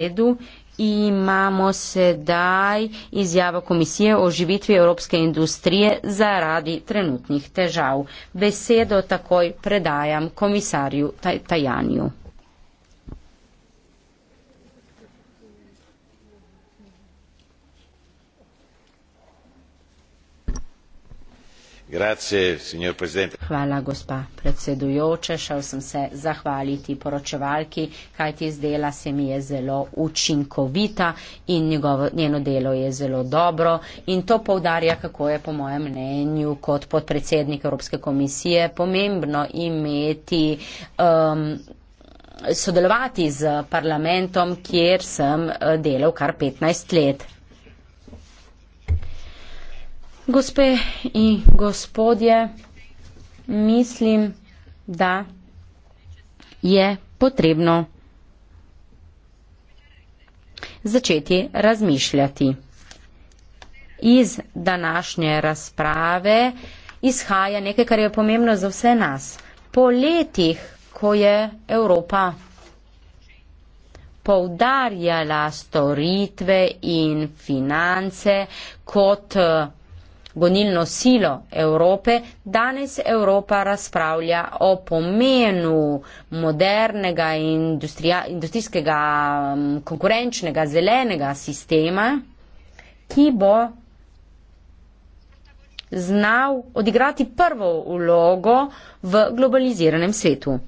sredu imamo sedaj izjavo komisije o živitvi evropske industrije zaradi trenutnih težav. Besedo takoj predajam komisarju Tajanju. Hvala, gospa predsedujoča. Šel sem se zahvaliti poročevalki, kaj ti zdela se mi je zelo učinkovita in njegovo, njeno delo je zelo dobro. In to povdarja, kako je po mojem mnenju kot podpredsednik Evropske komisije pomembno imeti. Um, sodelovati z parlamentom, kjer sem eh, delal kar 15 let. Gospe in gospodje, mislim, da je potrebno začeti razmišljati. Iz današnje razprave izhaja nekaj, kar je pomembno za vse nas. Po letih, ko je Evropa poudarjala storitve in finance kot gonilno silo Evrope, danes Evropa razpravlja o pomenu modernega industrijskega konkurenčnega zelenega sistema, ki bo znal odigrati prvo vlogo v globaliziranem svetu.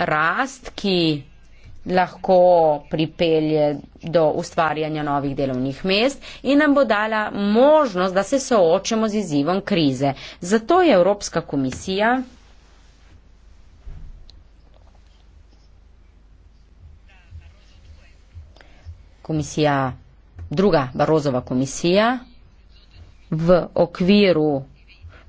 Rast, ki lahko pripelje do ustvarjanja novih delovnih mest in nam bo dala možnost, da se soočemo z izzivom krize. Zato je Evropska komisija komisija, druga Barozova komisija v okviru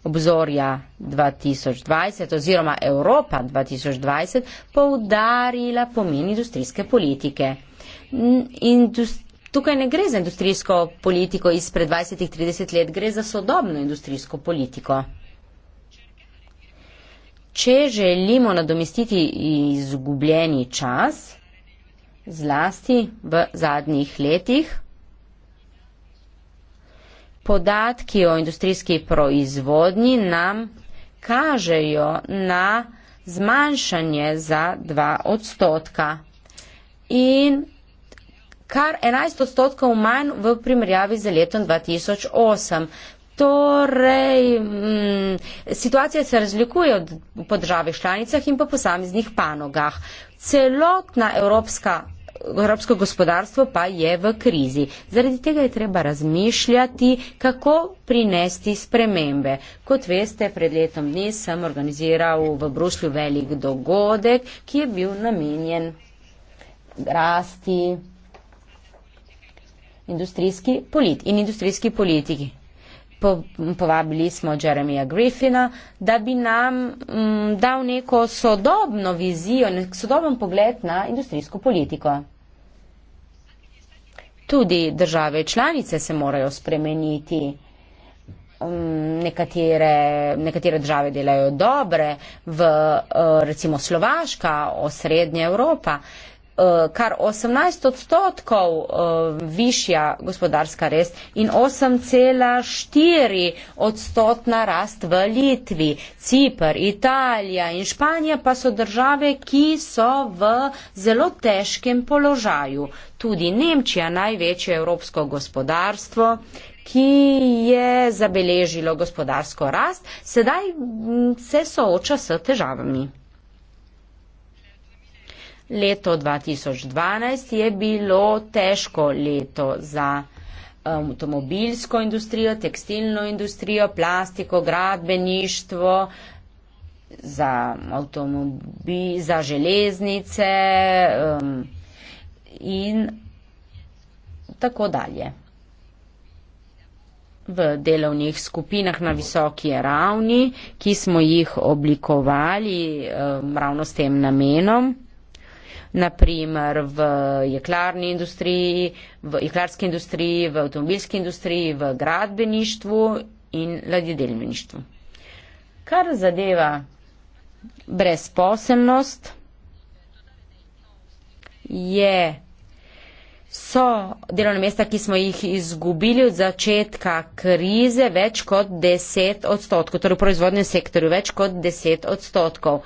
obzorja 2020 oziroma Evropa 2020 poudarila pomen industrijske politike. Indust Tukaj ne gre za industrijsko politiko izpred 20-30 let, gre za sodobno industrijsko politiko. Če želimo nadomestiti izgubljeni čas, zlasti v zadnjih letih, podatki o industrijski proizvodnji nam kažejo na zmanjšanje za 2 odstotka in kar 11 odstotkov manj v primerjavi z letom 2008. Torej, mm, situacija se razlikuje od, po državih članicah in po posameznih panogah. Celotna evropska evropsko gospodarstvo pa je v krizi. Zaradi tega je treba razmišljati, kako prinesti spremembe. Kot veste, pred letom dni sem organiziral v Bruslju velik dogodek, ki je bil namenjen rasti industrijski polit in industrijski politiki. Po, povabili smo Jeremija Griffina, da bi nam m, mm, dal neko sodobno vizijo, nek sodoben pogled na industrijsko politiko tudi države članice se morajo spremeniti. Um, nekatere, nekatere države delajo dobre, v, uh, recimo Slovaška, osrednja Evropa, Eh, kar 18 odstotkov eh, višja gospodarska rest in 8,4 odstotna rast v Litvi. Cipr, Italija in Španija pa so države, ki so v zelo težkem položaju. Tudi Nemčija, največje evropsko gospodarstvo ki je zabeležilo gospodarsko rast, sedaj mm, se sooča s težavami. Leto 2012 je bilo težko leto za um, avtomobilsko industrijo, tekstilno industrijo, plastiko, gradbeništvo, za, za železnice um, in tako dalje. V delovnih skupinah na visoki ravni, ki smo jih oblikovali um, ravno s tem namenom, naprimer v jeklarni industriji, v jeklarski industriji, v avtomobilski industriji, v gradbeništvu in ladjedelništvu. Kar zadeva brezposelnost, je so delovna mesta, ki smo jih izgubili od začetka krize, več kot 10 odstotkov, torej v proizvodnem sektorju več kot 10 odstotkov. E,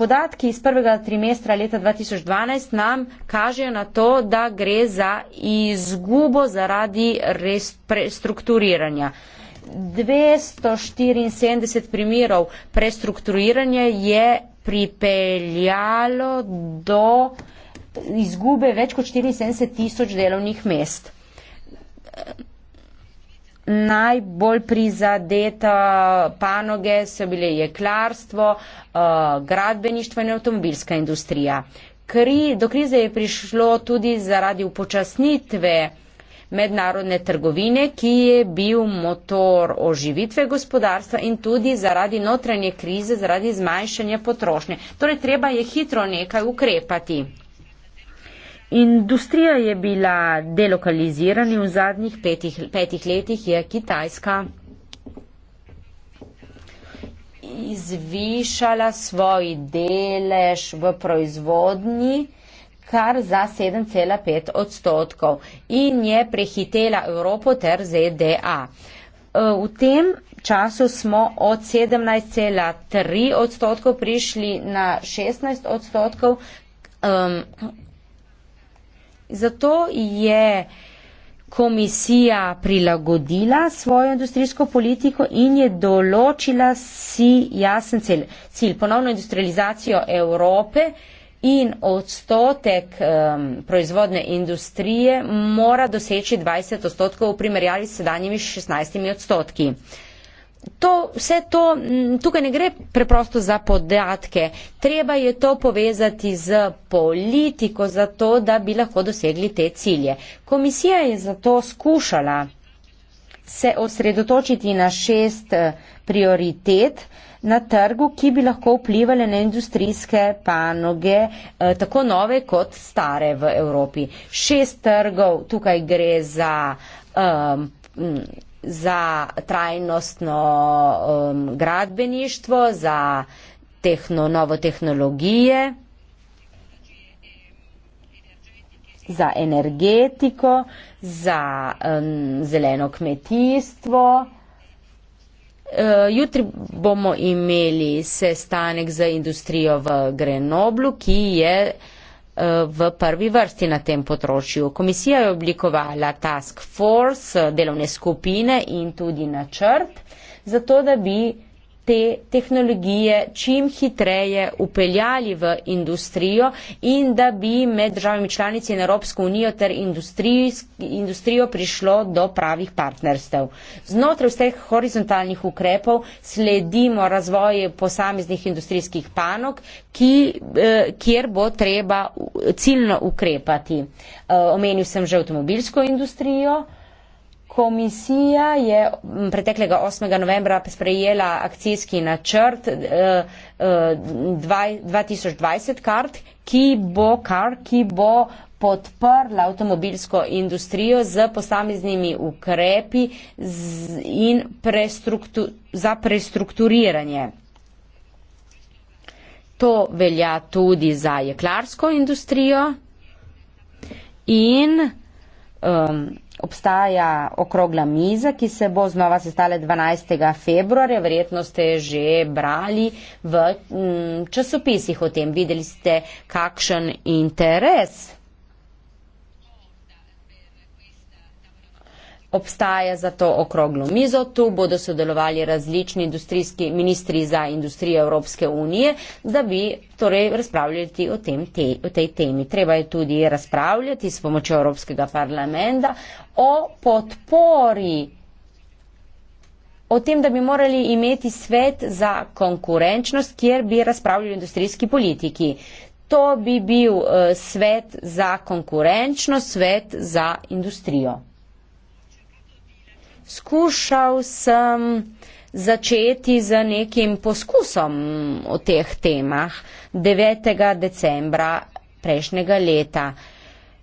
podatki iz prvega trimestra leta 2012 nam kažejo na to, da gre za izgubo zaradi restrukturiranja. 274 primerov prestrukturiranja je pripeljalo do izgube več kot 74 tisoč delovnih mest. Najbolj prizadeta panoge so bile jeklarstvo, eh, gradbeništvo in avtomobilska industrija. Kri, do krize je prišlo tudi zaradi upočasnitve mednarodne trgovine, ki je bil motor oživitve gospodarstva in tudi zaradi notranje krize, zaradi zmanjšanja potrošnje. Torej, treba je hitro nekaj ukrepati. Industrija je bila delokalizirana v zadnjih petih, petih letih, je Kitajska izvišala svoj delež v proizvodnji kar za 7,5 odstotkov in je prehitela Evropo ter ZDA. E, v tem času smo od 17,3 odstotkov prišli na 16 odstotkov, Zato je komisija prilagodila svojo industrijsko politiko in je določila si jasen cilj, cilj ponovno industrializacijo Evrope in odstotek um, proizvodne industrije mora doseči 20 odstotkov v primerjavi s sedanjimi 16 odstotki. Uh, To, vse to, mm, tukaj ne gre preprosto za podatke, treba je to povezati z politiko, zato da bi lahko dosegli te cilje. Komisija je zato skušala se osredotočiti na šest eh, prioritet na trgu, ki bi lahko vplivali na industrijske panoge, eh, tako nove kot stare v Evropi. Šest trgov, tukaj gre za. Um, za trajnostno um, gradbeništvo, za tehno, novo tehnologije, za energetiko, za um, zeleno kmetijstvo. Uh, jutri bomo imeli sestanek za industrijo v Grenoblu, ki je uh, v prvi vrsti na tem področju. Komisija je oblikovala task force, delovne skupine in tudi načrt, zato da bi te tehnologije čim hitreje upeljali v industrijo in da bi med državami članici in Evropsko unijo ter industrijo prišlo do pravih partnerstev. Znotraj vseh horizontalnih ukrepov sledimo razvoju posameznih industrijskih panog, ki, eh, kjer bo treba ciljno ukrepati. Eh, omenil sem že avtomobilsko industrijo. Komisija je preteklega 8. novembra sprejela akcijski načrt 2020 eh, eh, kart, ki bo kar, ki bo podprla avtomobilsko industrijo z posameznimi ukrepi in prestruktu, za prestrukturiranje. To velja tudi za jeklarsko industrijo in um, obstaja okrogla miza, ki se bo znova sestala 12. februarja. Verjetno ste že brali v mm, časopisih o tem. Videli ste, kakšen interes obstaja za to okroglo mizo. Tu bodo sodelovali različni industrijski ministri za industrijo Evropske unije, da bi torej razpravljali o, tem, te, o tej temi. Treba je tudi razpravljati s pomočjo Evropskega parlamenta o podpori. O tem, da bi morali imeti svet za konkurenčnost, kjer bi razpravljali industrijski politiki. To bi bil uh, svet za konkurenčnost, svet za industrijo skušal sem začeti z nekim poskusom o teh temah 9. decembra prejšnjega leta.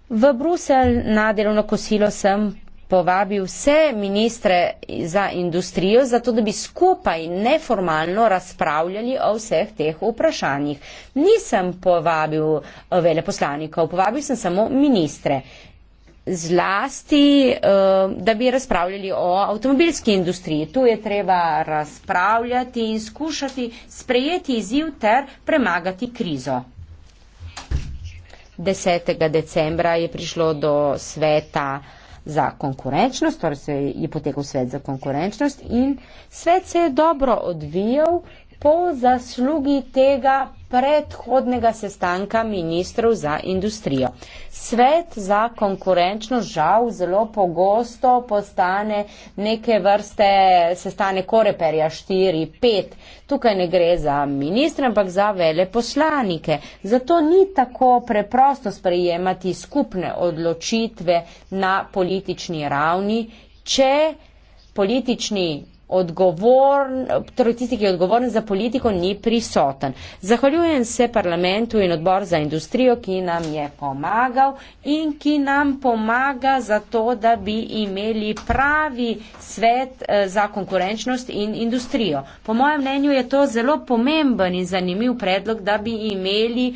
V Bruselj na delovno kosilo sem povabil vse ministre za industrijo, zato da bi skupaj neformalno razpravljali o vseh teh vprašanjih. Nisem povabil veleposlanikov, povabil sem samo ministre zlasti, eh, da bi razpravljali o avtomobilski industriji. Tu je treba razpravljati in skušati sprejeti izziv ter premagati krizo. 10. decembra je prišlo do sveta za konkurenčnost, torej se je potekal svet za konkurenčnost in svet se je dobro odvijal po zaslugi tega predhodnega sestanka ministrov za industrijo. Svet za konkurenčnost žal zelo pogosto postane neke vrste sestane koreperja 4-5. Tukaj ne gre za ministra, ampak za vele poslanike. Zato ni tako preprosto sprejemati skupne odločitve na politični ravni, če politični odgovoren, torej tisti, ki je odgovoren za politiko, ni prisoten. Zahvaljujem se parlamentu in odbor za industrijo, ki nam je pomagal in ki nam pomaga za to, da bi imeli pravi svet eh, za konkurenčnost in industrijo. Po mojem mnenju je to zelo pomemben in zanimiv predlog, da bi imeli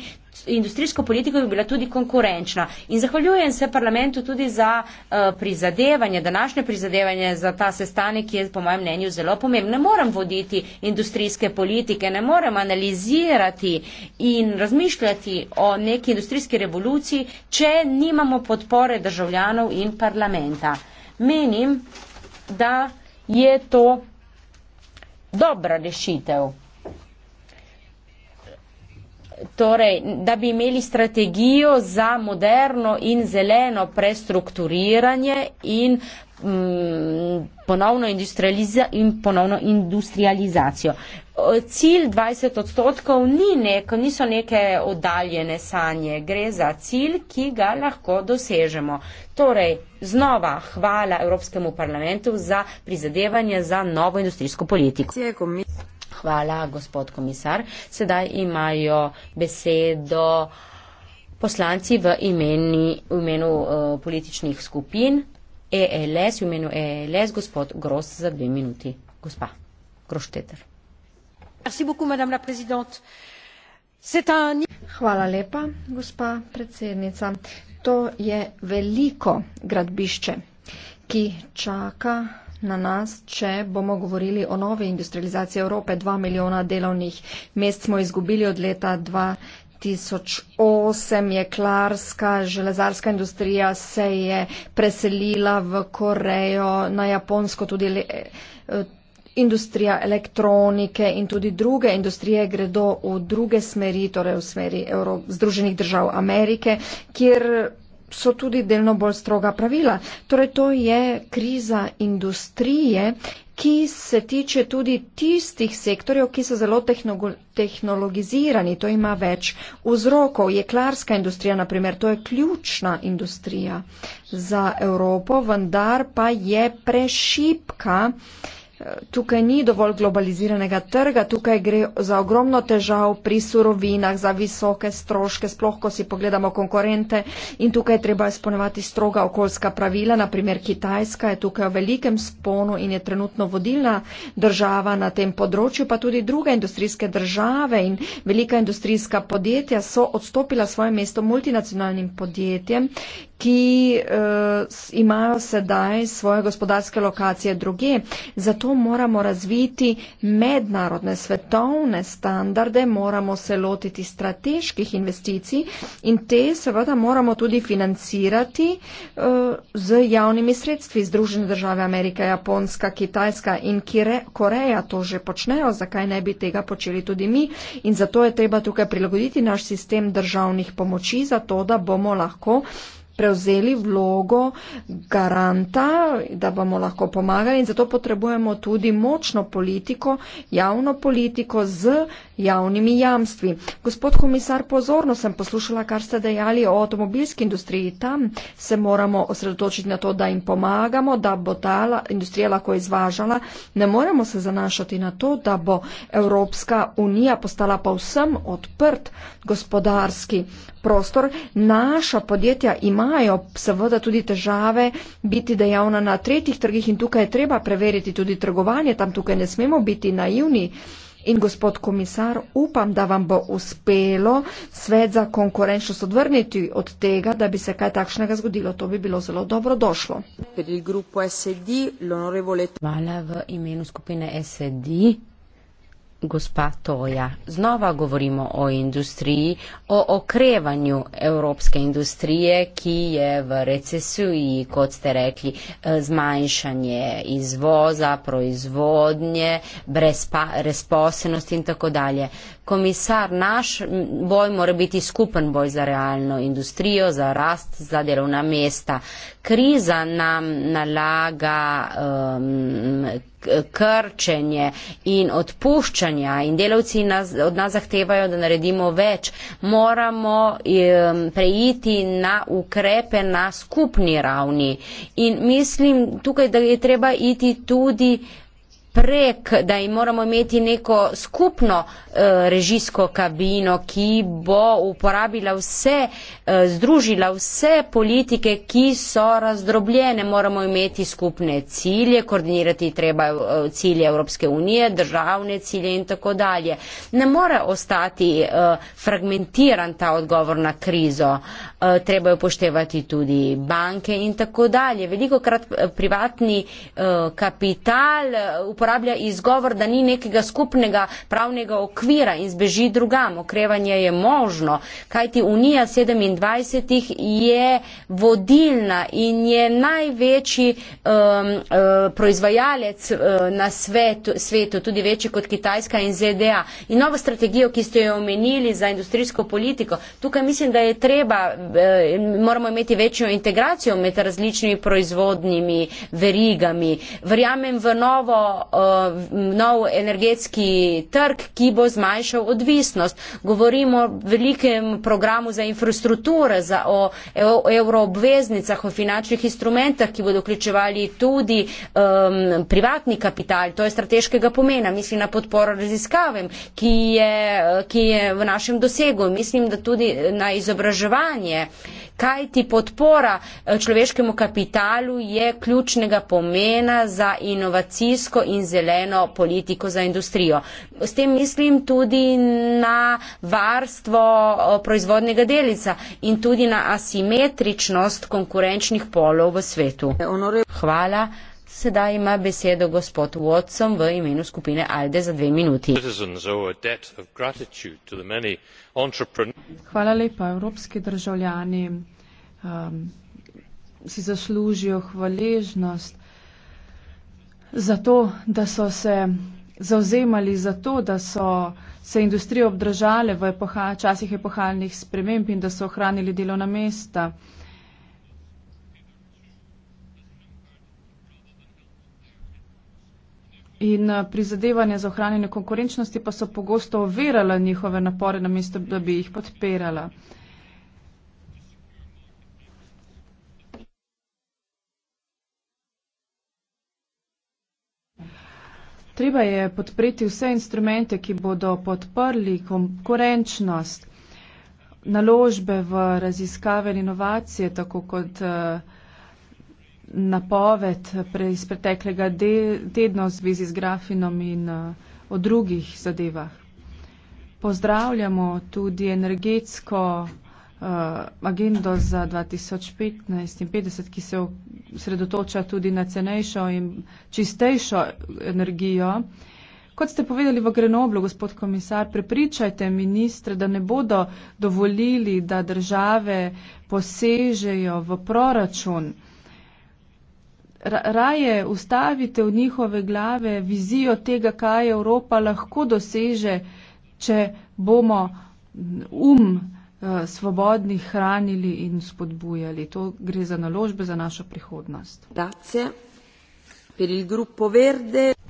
industrijsko politiko bi bila tudi konkurenčna. In zahvaljujem se parlamentu tudi za uh, prizadevanje, današnje prizadevanje za ta sestanek, ki je po mojem mnenju zelo pomemben. Ne morem voditi industrijske politike, ne morem analizirati in razmišljati o neki industrijski revoluciji, če nimamo podpore državljanov in parlamenta. Menim, da je to dobra rešitev torej, da bi imeli strategijo za moderno in zeleno prestrukturiranje in mm, Ponovno, in ponovno industrializacijo. Cilj 20 odstotkov ni nek, niso neke oddaljene sanje, gre za cilj, ki ga lahko dosežemo. Torej, znova hvala Evropskemu parlamentu za prizadevanje za novo industrijsko politiko. Hvala, gospod komisar. Sedaj imajo besedo poslanci v, imeni, v imenu uh, političnih skupin. ELS, v imenu ELS, gospod Gross za dve minuti. Gospa Grošteter. Hvala lepa, gospa predsednica. To je veliko gradbišče, ki čaka na nas, če bomo govorili o novi industrializaciji Evrope. Dva milijona delovnih mest smo izgubili od leta 2008. Jeklarska železarska industrija se je preselila v Korejo, na Japonsko tudi. Le, eh, Industrija elektronike in tudi druge industrije gredo v druge smeri, torej v smeri Euro Združenih držav Amerike, kjer so tudi delno bolj stroga pravila. Torej, to je kriza industrije, ki se tiče tudi tistih sektorjev, ki so zelo tehnologizirani. To ima več vzrokov. Jeklarska industrija, naprimer, to je ključna industrija za Evropo, vendar pa je prešipka. Tukaj ni dovolj globaliziranega trga, tukaj gre za ogromno težav pri surovinah, za visoke stroške, sploh ko si pogledamo konkurente in tukaj treba izpolnevati stroga okoljska pravila. Naprimer, Kitajska je tukaj v velikem sponu in je trenutno vodilna država na tem področju, pa tudi druge industrijske države in velika industrijska podjetja so odstopila svoje mesto multinacionalnim podjetjem ki uh, imajo sedaj svoje gospodarske lokacije druge. Zato moramo razviti mednarodne svetovne standarde, moramo se lotiti strateških investicij in te seveda moramo tudi financirati uh, z javnimi sredstvi. Združene države Amerika, Japonska, Kitajska in Kire, Koreja to že počnejo, zakaj ne bi tega počeli tudi mi. In zato je treba tukaj prilagoditi naš sistem državnih pomoči, zato da bomo lahko prevzeli vlogo garanta, da bomo lahko pomagali in zato potrebujemo tudi močno politiko, javno politiko z javnimi jamstvi. Gospod komisar, pozorno sem poslušala, kar ste dejali o avtomobilski industriji. Tam se moramo osredotočiti na to, da jim pomagamo, da bo ta industrija lahko izvažala. Ne moremo se zanašati na to, da bo Evropska unija postala pa vsem odprt gospodarski prostor. Naša podjetja imajo seveda tudi težave biti dejavna na tretjih trgih in tukaj je treba preveriti tudi trgovanje, tam tukaj ne smemo biti naivni in gospod komisar, upam, da vam bo uspelo svet za konkurenčnost odvrniti od tega, da bi se kaj takšnega zgodilo. To bi bilo zelo dobro došlo. Hvala v imenu skupine SED. Gospa Toja, znova govorimo o industriji, o okrevanju evropske industrije, ki je v recesiji, kot ste rekli, eh, zmanjšanje izvoza, proizvodnje, brezposobnost in tako dalje komisar, naš boj mora biti skupen boj za realno industrijo, za rast, za delovna mesta. Kriza nam nalaga um, krčenje in odpuščanja in delavci nas, od nas zahtevajo, da naredimo več. Moramo um, preiti na ukrepe na skupni ravni. In mislim tukaj, da je treba iti tudi prek, da moramo imeti neko skupno eh, režijsko kabino, ki bo uporabila vse, eh, združila vse politike, ki so razdrobljene. Moramo imeti skupne cilje, koordinirati treba eh, cilje Evropske unije, državne cilje in tako dalje. Ne more ostati fragmentiran ta odgovor na krizo. Eh, treba je upoštevati tudi banke in tako dalje. Veliko krat eh, privatni eh, kapital uporablja izgovor, da ni nekega skupnega pravnega okvira in zbeži drugam. Okrevanje je možno, kajti Unija 27 je vodilna in je največji um, proizvajalec na svetu, svetu, tudi večji kot Kitajska in ZDA. In novo strategijo, ki ste jo omenili za industrijsko politiko, tukaj mislim, da je treba Eh, moramo imeti večjo integracijo med različnimi proizvodnimi verigami. Verjamem v novo, eh, nov energetski trg, ki bo zmanjšal odvisnost. Govorimo o velikem programu za infrastrukture, za o evroobveznicah, o finančnih instrumentah, ki bodo vključevali tudi um, privatni kapital. To je strateškega pomena. Mislim na podporo raziskavem, ki je, ki je v našem dosegu. Mislim, da tudi eh, na izobraževanje je. Kaj ti podpora eh, človeškemu kapitalu je ključnega pomena za inovacijsko in zeleno politiko za industrijo? S tem mislim tudi na varstvo eh, proizvodnega delica in tudi na asimetričnost konkurenčnih polov v svetu. Hvala. Sedaj ima besedo gospod Watson v imenu skupine ALDE za dve minuti. Hvala lepa. Evropski državljani um, si zaslužijo hvaležnost za to, da so se zauzemali za to, da so se industrije obdržale v epoha, časih epohalnih sprememb in da so ohranili delovna mesta. in eh, prizadevanje za ohranjanje konkurenčnosti pa so pogosto overala njihove napore, namesto da bi jih podpirala. Treba je podpreti vse instrumente, ki bodo podprli konkurenčnost, naložbe v raziskave in inovacije, tako kot uh, napoved iz preteklega de, tedna v zvezi z grafinom in uh, o drugih zadevah. Pozdravljamo tudi energetsko uh, agendo za 2015 in 50, ki se sredotoča tudi na cenejšo in čistejšo energijo. Kot ste povedali v Grenoblu, gospod komisar, prepričajte ministre, da ne bodo dovolili, da države posežejo v proračun raje ustavite v njihove glave vizijo tega, kaj Evropa lahko doseže, če bomo um eh, svobodni hranili in spodbujali. To gre za naložbe za našo prihodnost.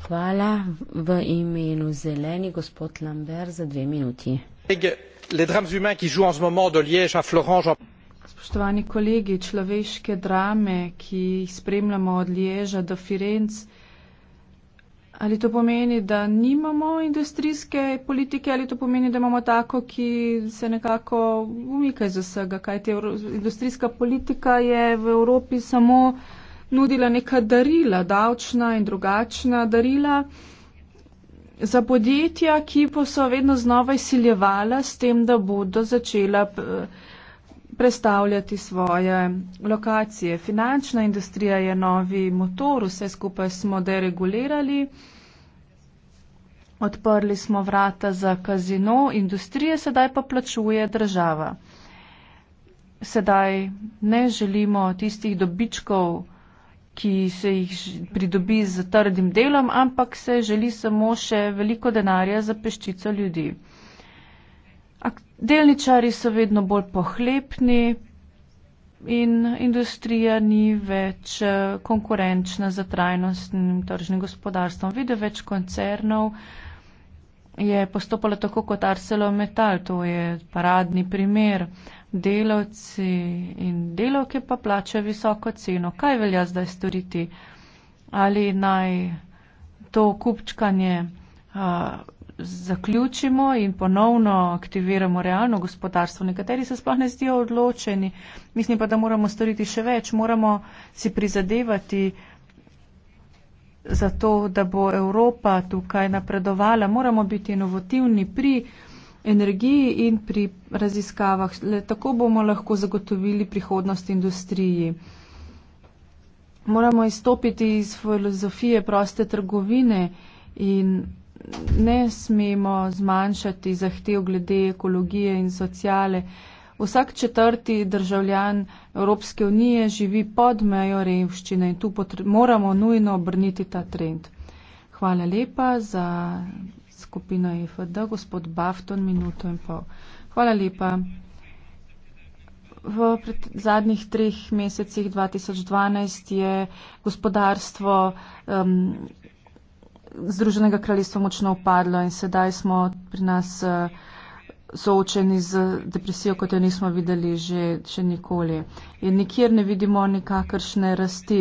Hvala v imenu zeleni gospod Lambert za dve minuti spoštovani kolegi, človeške drame, ki jih spremljamo od Lježa do Firenc, ali to pomeni, da nimamo industrijske politike, ali to pomeni, da imamo tako, ki se nekako umika iz vsega, kajti industrijska politika je v Evropi samo nudila neka darila, davčna in drugačna darila. Za podjetja, ki pa so vedno znova izsiljevala s tem, da bodo začela uh, prestavljati svoje lokacije. Finančna industrija je novi motor, vse skupaj smo deregulirali. Odprli smo vrata za kazino, industrije sedaj pa plačuje država. Sedaj ne želimo tistih dobičkov, ki se jih pridobi z trdim delom, ampak se želi samo še veliko denarja za peščico ljudi. Delničari so vedno bolj pohlepni in industrija ni več eh, konkurenčna za trajnostnim tržnim gospodarstvom. Vidijo več koncernov, je postopalo tako kot ArcelorMittal, to je paradni primer. Delavci in delavke pa plačajo visoko ceno. Kaj velja zdaj storiti? Ali naj to kupčkanje uh, zaključimo in ponovno aktiviramo realno gospodarstvo. Nekateri se sploh ne zdijo odločeni. Mislim pa, da moramo storiti še več. Moramo si prizadevati za to, da bo Evropa tukaj napredovala. Moramo biti inovativni pri energiji in pri raziskavah. Le tako bomo lahko zagotovili prihodnost industriji. Moramo izstopiti iz filozofije proste trgovine in ne smemo zmanjšati zahtev glede ekologije in sociale. Vsak četrti državljan Evropske unije živi pod mejo revščine in tu moramo nujno obrniti ta trend. Hvala lepa za skupino IFD, e gospod Bafton, minuto in pol. Hvala lepa. V zadnjih treh mesecih 2012 je gospodarstvo um, Združenega kraljestva močno upadlo in sedaj smo pri nas eh, soočeni z depresijo, kot jo nismo videli že, še nikoli. In nikjer ne vidimo nikakršne rasti.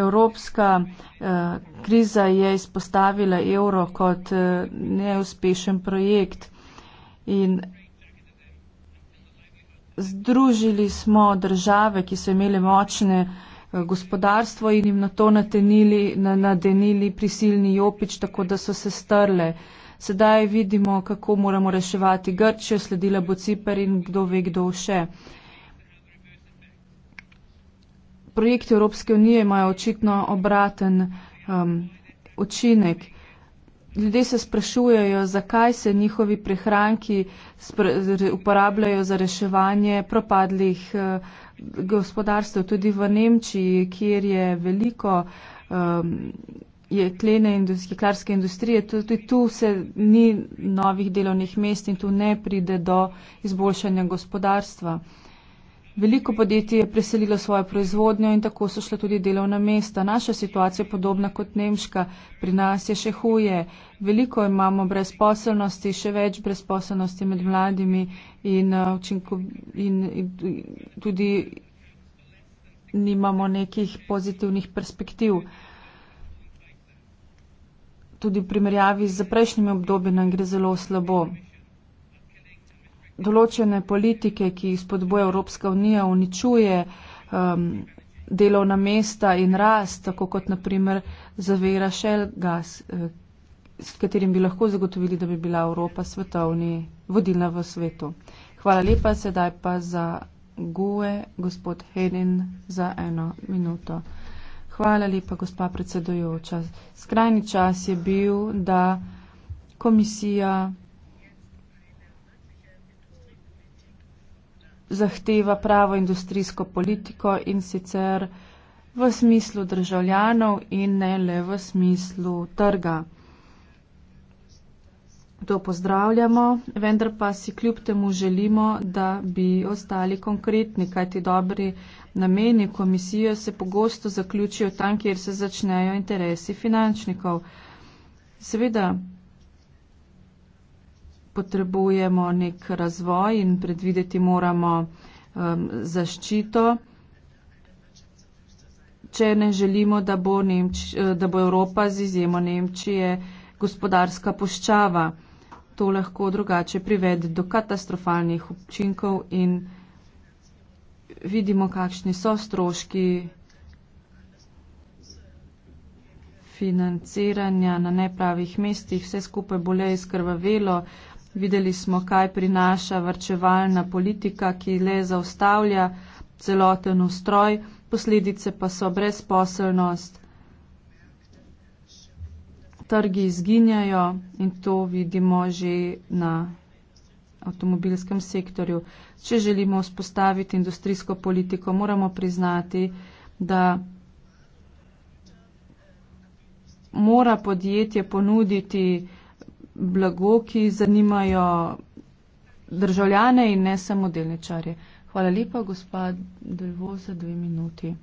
Evropska eh, kriza je izpostavila evro kot eh, neuspešen projekt in združili smo države, ki so imeli močne eh, gospodarstvo in jim na to natenili, na, nadenili prisilni jopič, tako da so se strle. Sedaj vidimo, kako moramo reševati Grčijo, sledila bo Cipr in kdo ve, kdo še. Projekti Evropske unije imajo očitno obraten um, učinek. Ljudje se sprašujejo, zakaj se njihovi prihranki uporabljajo za reševanje propadlih uh, gospodarstev, tudi v Nemčiji, kjer je veliko um, jeklene in jeklarske industrije, tudi tu se ni novih delovnih mest in tu ne pride do izboljšanja gospodarstva. Veliko podjetij je preselilo svojo proizvodnjo in tako so šle tudi delovna mesta. Naša situacija je podobna kot nemška, pri nas je še huje. Veliko imamo brezposelnosti, še več brezposelnosti med mladimi in, uh, učinko, in, in tudi nimamo nekih pozitivnih perspektiv. Tudi v primerjavi z prejšnjimi obdobji nam gre zelo slabo določene politike, ki jih spodboja Evropska unija, uničuje um, delovna mesta in rast, tako kot naprimer zavira Shell gas, eh, s katerim bi lahko zagotovili, da bi bila Evropa svetovni vodilna v svetu. Hvala lepa, sedaj pa za GUE, gospod Henin, za eno minuto. Hvala lepa, gospa predsedojoča. Skrajni čas je bil, da komisija. zahteva pravo industrijsko politiko in sicer v smislu državljanov in ne le v smislu trga. To pozdravljamo, vendar pa si kljub temu želimo, da bi ostali konkretni, kajti dobri nameni komisije se pogosto zaključijo tam, kjer se začnejo interesi finančnikov. Seveda, potrebujemo nek razvoj in predvideti moramo um, zaščito, če ne želimo, da bo, Nemč, eh, da bo Evropa z izjemo Nemčije gospodarska puščava. To lahko drugače privede do katastrofalnih občinkov in vidimo, kakšni so stroški financiranja na nepravih mestih. Vse skupaj bolje izkrvavelo. Videli smo, kaj prinaša vrčevalna politika, ki le zaustavlja celoten ustroj, posledice pa so brezposelnost. Trgi izginjajo in to vidimo že na avtomobilskem sektorju. Če želimo vzpostaviti industrijsko politiko, moramo priznati, da mora podjetje ponuditi blago, ki zanimajo državljane in ne samo delničarje. Hvala lepa, gospa Delvo, za dve minuti.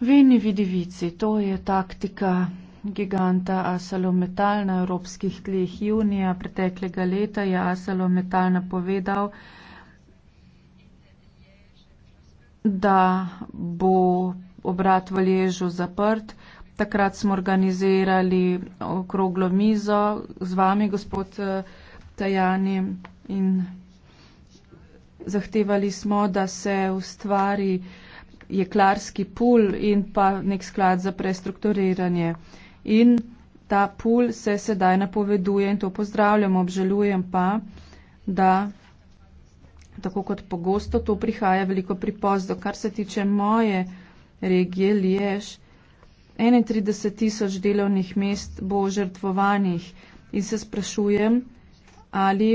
Veni vidivici, to je taktika giganta Asalo Metal na evropskih tleh junija preteklega leta. Je Asalo Metal napovedal, da bo obrat v Ježu zaprt. Takrat smo organizirali okroglo mizo z vami, gospod eh, Tajani, in zahtevali smo, da se ustvari jeklarski pul in pa nek sklad za prestrukturiranje. In ta pul se sedaj napoveduje in to pozdravljamo, obžalujem pa, da tako kot pogosto to prihaja veliko pripozdo. Kar se tiče moje regije Liež, 31 tisoč delovnih mest bo žrtvovanih in se sprašujem, ali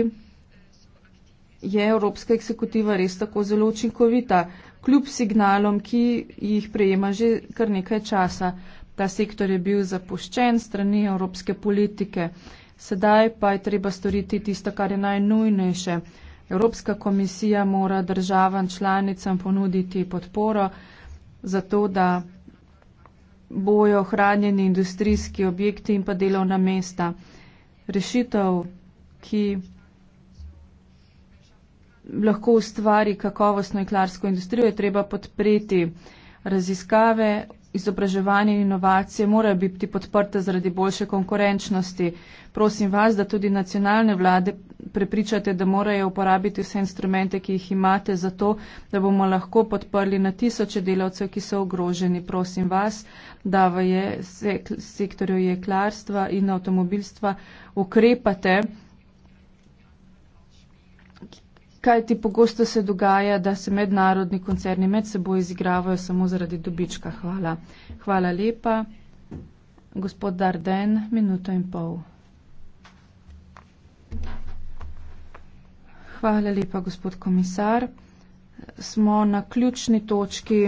je Evropska eksekutiva res tako zelo učinkovita, kljub signalom, ki jih prejema že kar nekaj časa. Ta sektor je bil zapuščen strani evropske politike. Sedaj pa je treba storiti tisto, kar je najnujnejše. Evropska komisija mora državam članicam ponuditi podporo za to, da bojo ohranjeni industrijski objekti in pa delovna mesta. Rešitev, ki lahko ustvari kakovostno iklarsko industrijo, je treba podpreti. Raziskave, izobraževanje in inovacije morajo biti podprte zaradi boljše konkurenčnosti. Prosim vas, da tudi nacionalne vlade prepričate, da morajo uporabiti vse instrumente, ki jih imate, zato da bomo lahko podprli na tisoče delavcev, ki so ogroženi. Prosim vas, da je sek, sektorju jeklarstva in avtomobilstva ukrepate. Kaj ti pogosto se dogaja, da se mednarodni koncerni med seboj izigravajo samo zaradi dobička? Hvala. Hvala lepa. Gospod Darden, minuto in pol. Hvala lepa, gospod komisar. Smo na ključni točki.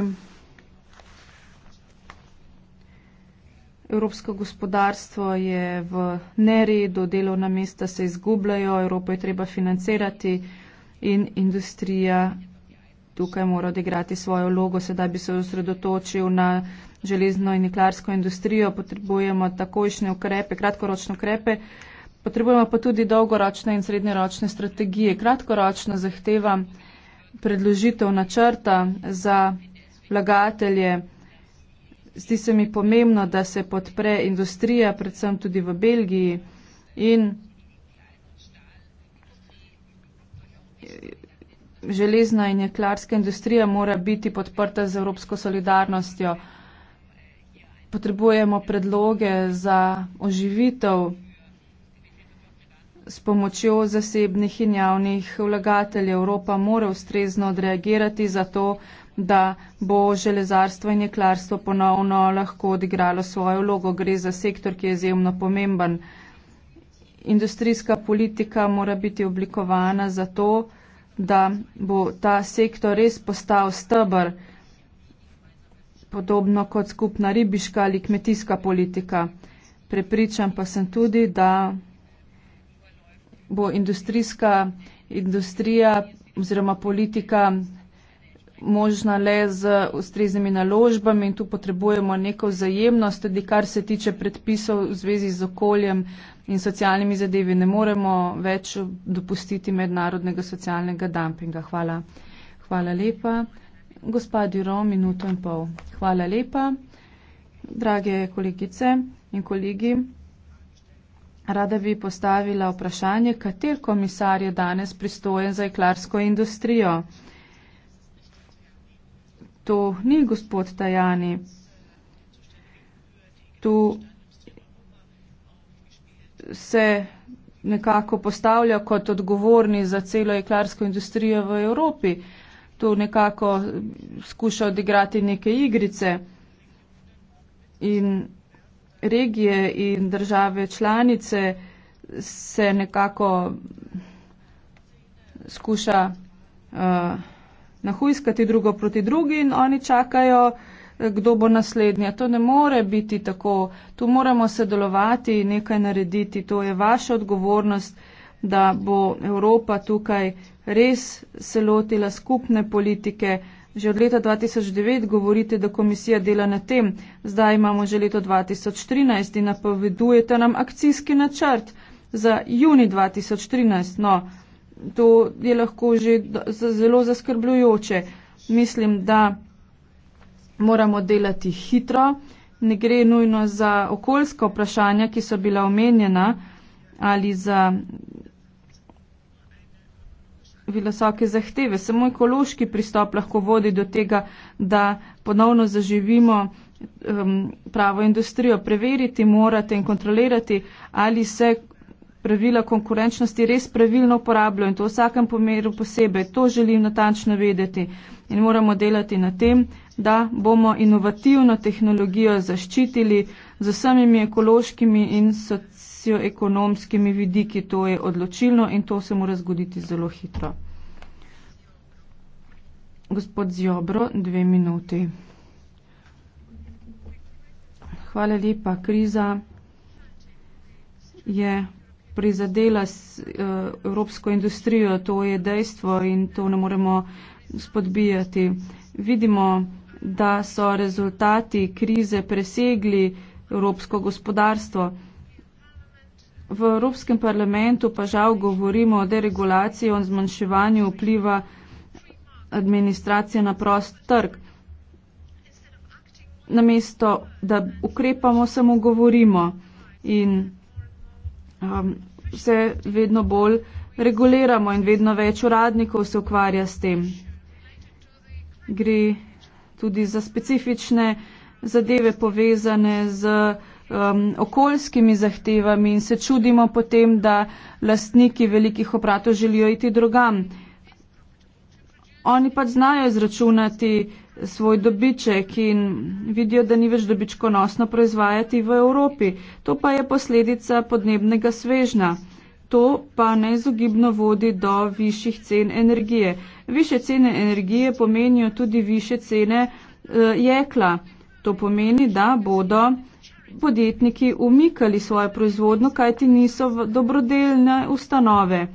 Evropsko gospodarstvo je v neredu, delovna mesta se izgubljajo, Evropo je treba financirati in industrija tukaj mora odigrati svojo vlogo. Sedaj bi se osredotočil na železno in niklarsko industrijo, potrebujemo takojšnje ukrepe, kratkoročne ukrepe, potrebujemo pa tudi dolgoročne in srednjeročne strategije. Kratkoročno zahtevam predložitev načrta za vlagatelje zdi se mi pomembno, da se podpre industrija, predvsem tudi v Belgiji. In železna in jeklarska industrija mora biti podprta z evropsko solidarnostjo. Potrebujemo predloge za oživitev s pomočjo zasebnih in javnih vlagateljev. Evropa mora ustrezno odreagirati za to, da bo železarstvo in jeklarstvo ponovno lahko odigralo svojo vlogo. Gre za sektor, ki je izjemno pomemben. Industrijska politika mora biti oblikovana zato, da bo ta sektor res postal stebr, podobno kot skupna ribiška ali kmetijska politika. Prepričan pa sem tudi, da bo industrijska industrija oziroma politika možna le z ustreznimi naložbami in tu potrebujemo neko vzajemnost, tudi kar se tiče predpisov v zvezi z okoljem in socialnimi zadevi. Ne moremo več dopustiti mednarodnega socialnega dampinga. Hvala. Hvala lepa. Gospa Diro, minuto in pol. Hvala lepa. Drage kolegice in kolegi, rada bi postavila vprašanje, kater komisar je danes pristojen za iklarsko industrijo to ni gospod Tajani. Tu se nekako postavlja kot odgovorni za celo jeklarsko industrijo v Evropi. Tu nekako skuša odigrati neke igrice in regije in države članice se nekako skuša uh, nahujskati drugo proti drugi in oni čakajo, eh, kdo bo naslednja. To ne more biti tako. Tu moramo sodelovati in nekaj narediti. To je vaša odgovornost, da bo Evropa tukaj res se lotila skupne politike. Že od leta 2009 govorite, da komisija dela na tem. Zdaj imamo že leto 2013 in napovedujete nam akcijski načrt za juni 2013. No, to je lahko že zelo zaskrbljujoče. Mislim, da moramo delati hitro, ne gre nujno za okoljska vprašanja, ki so bila omenjena ali za visoke zahteve. Samo ekološki pristop lahko vodi do tega, da ponovno zaživimo um, pravo industrijo. Preveriti morate in kontrolirati, ali se pravila konkurenčnosti res pravilno uporabljajo in to v vsakem pomeru posebej. To želim natančno vedeti in moramo delati na tem, da bomo inovativno tehnologijo zaščitili z vsemi ekološkimi in socioekonomskimi vidiki. To je odločilno in to se mora zgoditi zelo hitro. Gospod Zjobro, dve minuti. Hvala lepa. Kriza je prizadela s, uh, evropsko industrijo, to je dejstvo in to ne moremo spodbijati. Vidimo, da so rezultati krize presegli evropsko gospodarstvo. V Evropskem parlamentu pa žal govorimo o deregulaciji, o zmanjševanju vpliva administracije na prost trg. Namesto, da ukrepamo, samo govorimo. In um, se vedno bolj reguliramo in vedno več uradnikov se ukvarja s tem. Gre tudi za specifične zadeve povezane z um, okoljskimi zahtevami in se čudimo potem, da lastniki velikih opratov želijo iti drugam. Oni pač znajo izračunati, svoj dobiček in vidijo, da ni več dobičkonosno proizvajati v Evropi. To pa je posledica podnebnega svežna. To pa neizogibno vodi do višjih cen energije. Više cene energije pomenijo tudi više cene uh, jekla. To pomeni, da bodo podjetniki umikali svojo proizvodno, kajti niso dobrodelne ustanove.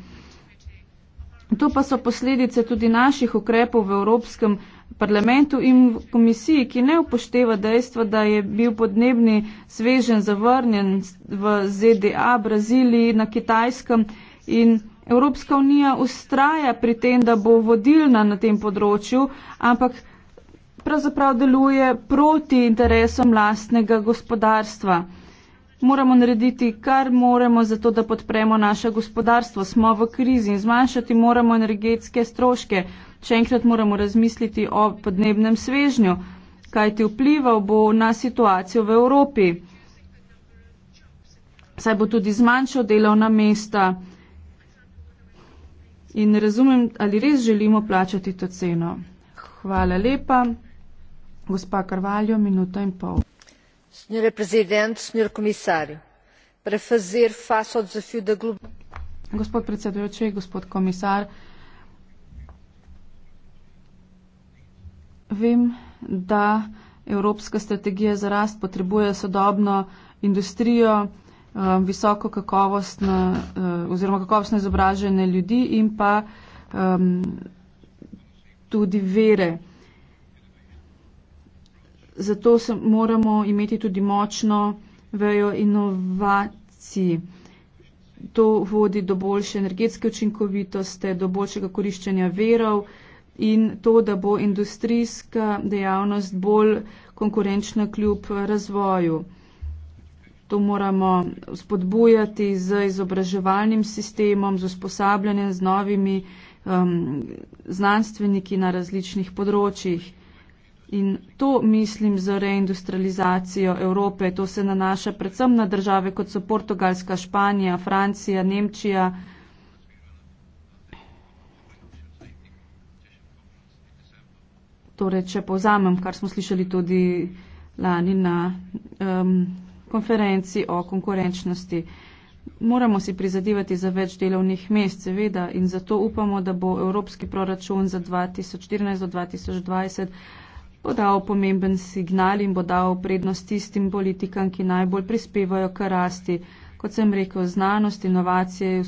To pa so posledice tudi naših ukrepov v Evropskem parlamentu parlamentu in v komisiji, ki ne upošteva dejstva, da je bil podnebni svežen zavrnjen v ZDA, Braziliji, na Kitajskem in Evropska unija ustraja pri tem, da bo vodilna na tem področju, ampak pravzaprav deluje proti interesom lastnega gospodarstva. Moramo narediti, kar moramo, zato da podpremo naše gospodarstvo. Smo v krizi in zmanjšati moramo energetske stroške še enkrat moramo razmisliti o podnebnem svežnju, kaj ti vplival bo na situacijo v Evropi. Saj bo tudi zmanjšal delovna mesta. In razumem, ali res želimo plačati to ceno. Hvala lepa. Gospa Karvaljo, minuta in pol. Signore Presidente, signor Commissario, prefazir faso od zafiu da glub. Gospod predsedujoči, gospod komisar, vem, da Evropska strategija za rast potrebuje sodobno industrijo, eh, visoko kakovostno eh, oziroma kakovostno izobražene ljudi in pa um, tudi vere. Zato se moramo imeti tudi močno vejo inovaciji. To vodi do boljše energetske učinkovitosti, do boljšega koriščenja verov. Uh, in to, da bo industrijska dejavnost bolj konkurenčna kljub razvoju. To moramo spodbujati z izobraževalnim sistemom, z usposabljanjem z novimi um, znanstveniki na različnih področjih. In to mislim z reindustrializacijo Evrope. To se nanaša predvsem na države, kot so Portugalska, Španija, Francija, Nemčija. Torej, če povzamem, kar smo slišali tudi lani na um, konferenci o konkurenčnosti, moramo si prizadevati za več delovnih mest, seveda, in zato upamo, da bo evropski proračun za 2014 do 2020 bo dal pomemben signal in bo dal prednost tistim politikam, ki najbolj prispevajo k rasti, kot sem rekel, znanost, inovacije,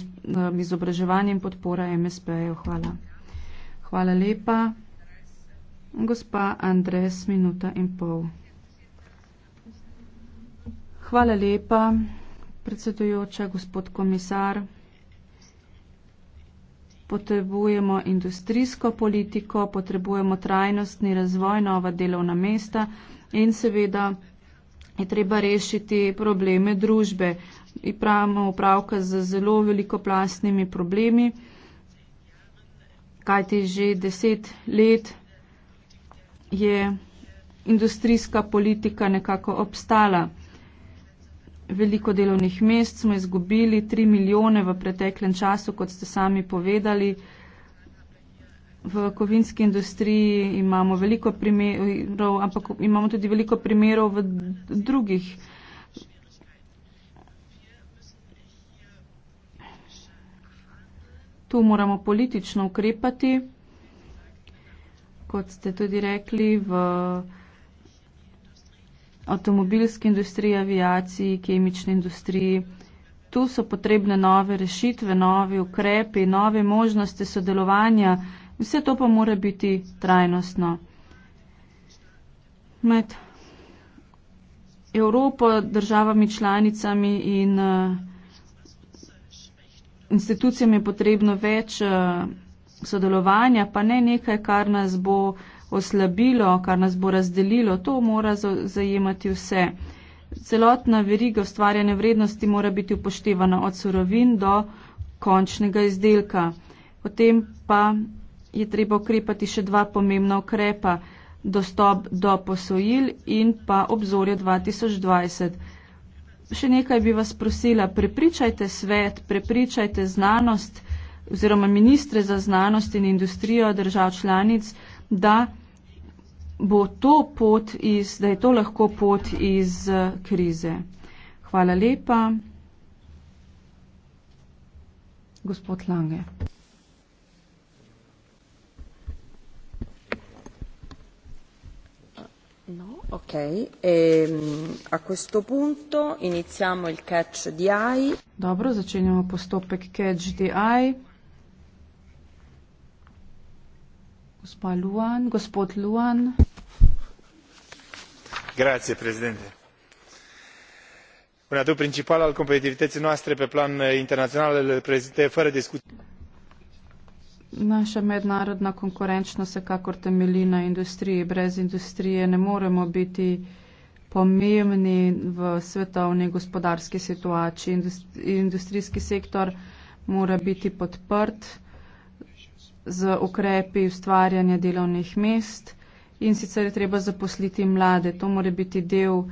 izobraževanje in podpora MSP-jev. Hvala. Hvala lepa. Gospa Andres, minuta in pol. Hvala lepa, predsedujoča, gospod komisar. Potrebujemo industrijsko politiko, potrebujemo trajnostni razvoj, nova delovna mesta in seveda je treba rešiti probleme družbe. Pravimo upravka z zelo veliko plastnimi problemi, kajti že deset let je industrijska politika nekako obstala. Veliko delovnih mest smo izgubili, tri milijone v preteklem času, kot ste sami povedali. V kovinski industriji imamo veliko primerov, ampak imamo tudi veliko primerov v drugih. Tu moramo politično ukrepati kot ste tudi rekli, v avtomobilski industriji, avijaciji, kemični industriji. Tu so potrebne nove rešitve, novi ukrepi, nove možnosti sodelovanja. Vse to pa mora biti trajnostno. Med Evropo, državami članicami in eh, institucijami je potrebno več. Uh, sodelovanja, pa ne nekaj, kar nas bo oslabilo, kar nas bo razdelilo. To mora zajemati vse. Celotna veriga ustvarjanja vrednosti mora biti upoštevana od surovin do končnega izdelka. Potem pa je treba ukrepati še dva pomembna ukrepa. Dostop do posojil in pa obzorje 2020. Še nekaj bi vas prosila, prepričajte svet, prepričajte znanost, oziroma ministre za znanost in industrijo držav članic, da bo to pot iz, da je to lahko pot iz eh, krize. Hvala lepa. Gospod Lange. No, ok. Ehm, a questo punto iniziamo il catch di AI. Dobro, začenjamo postopek catch di AI. Gospa Luan, gospod Luan. Grație, președinte. Un atu principal al competitivității noastre pe plan internațional îl prezintă fără discuție. Naša mednarodna konkurenčnost se kakor temelji na industriji. Brez industrije ne moremo biti pomembni v svetovni gospodarski situaciji. Industrijski sektor mora biti podprt z ukrepi ustvarjanja delovnih mest in sicer je treba zaposliti mlade. To more biti del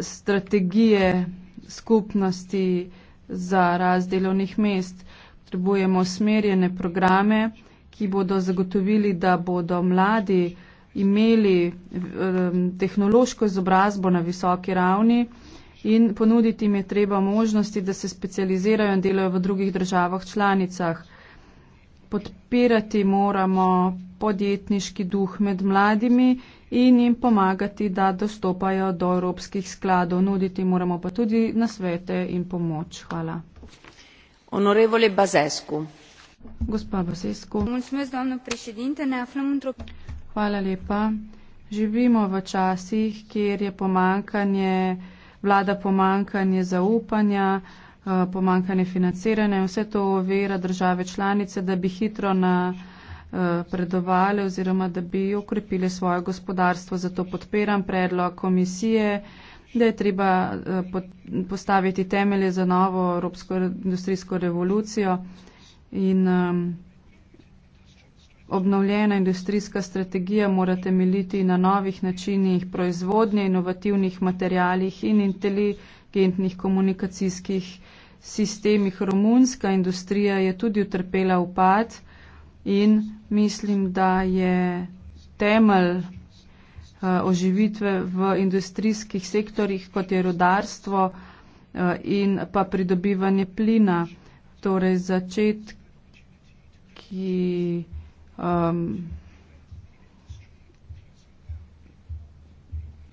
strategije skupnosti za rast delovnih mest. Potrebujemo smerjene programe, ki bodo zagotovili, da bodo mladi imeli ehm, tehnološko izobrazbo na visoki ravni in ponuditi jim je treba možnosti, da se specializirajo in delajo v drugih državah članicah podpirati moramo podjetniški duh med mladimi in jim pomagati, da dostopajo do evropskih skladov. Nuditi moramo pa tudi nasvete in pomoč. Hvala. Onorevole Bazesku. Gospa Bazesku. Hvala lepa. Živimo v časih, kjer je pomankanje, vlada pomankanje zaupanja. Eh, pomankanje financiranja. Vse to ovira države članice, da bi hitro na eh, predovali oziroma da bi ukrepili svoje gospodarstvo. Zato podpiram predlog komisije, da je treba eh, postaviti temelje za novo evropsko industrijsko revolucijo in um, obnovljena industrijska strategija mora temeljiti na novih načinih proizvodnje, inovativnih materijalih in inteligenci urgentnih komunikacijskih sistemih romunska industrija je tudi utrpela upad in mislim, da je temelj eh, oživitve v industrijskih sektorjih, kot je rodarstvo eh, in pa pridobivanje plina, torej začetki um,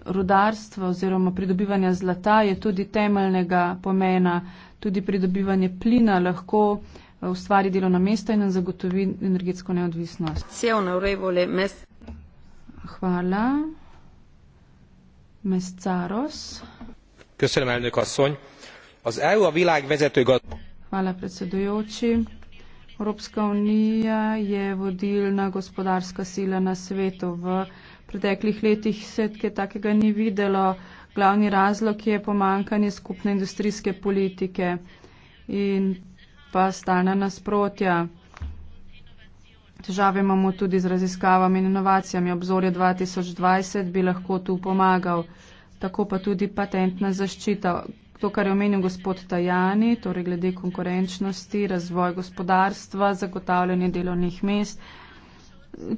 rudarstva oziroma pridobivanja zlata je tudi temeljnega pomena, tudi pridobivanje plina lahko eh, ustvari delovna mesta in nam zagotovi energetsko neodvisnost. Hvala. Mescaros. Köszönöm, elnök asszony. Az EU a világ vezető Hvala, predsedujoči. Evropska unija je vodilna gospodarska sila na svetu. V preteklih letih se kaj takega ni videlo. Glavni razlog je pomankanje skupne industrijske politike in pa stalna nasprotja. Težave imamo tudi z raziskavami in inovacijami. Obzorje 2020 bi lahko tu pomagal, tako pa tudi patentna zaščita. To, kar je omenil gospod Tajani, torej glede konkurenčnosti, razvoj gospodarstva, zagotavljanje delovnih mest,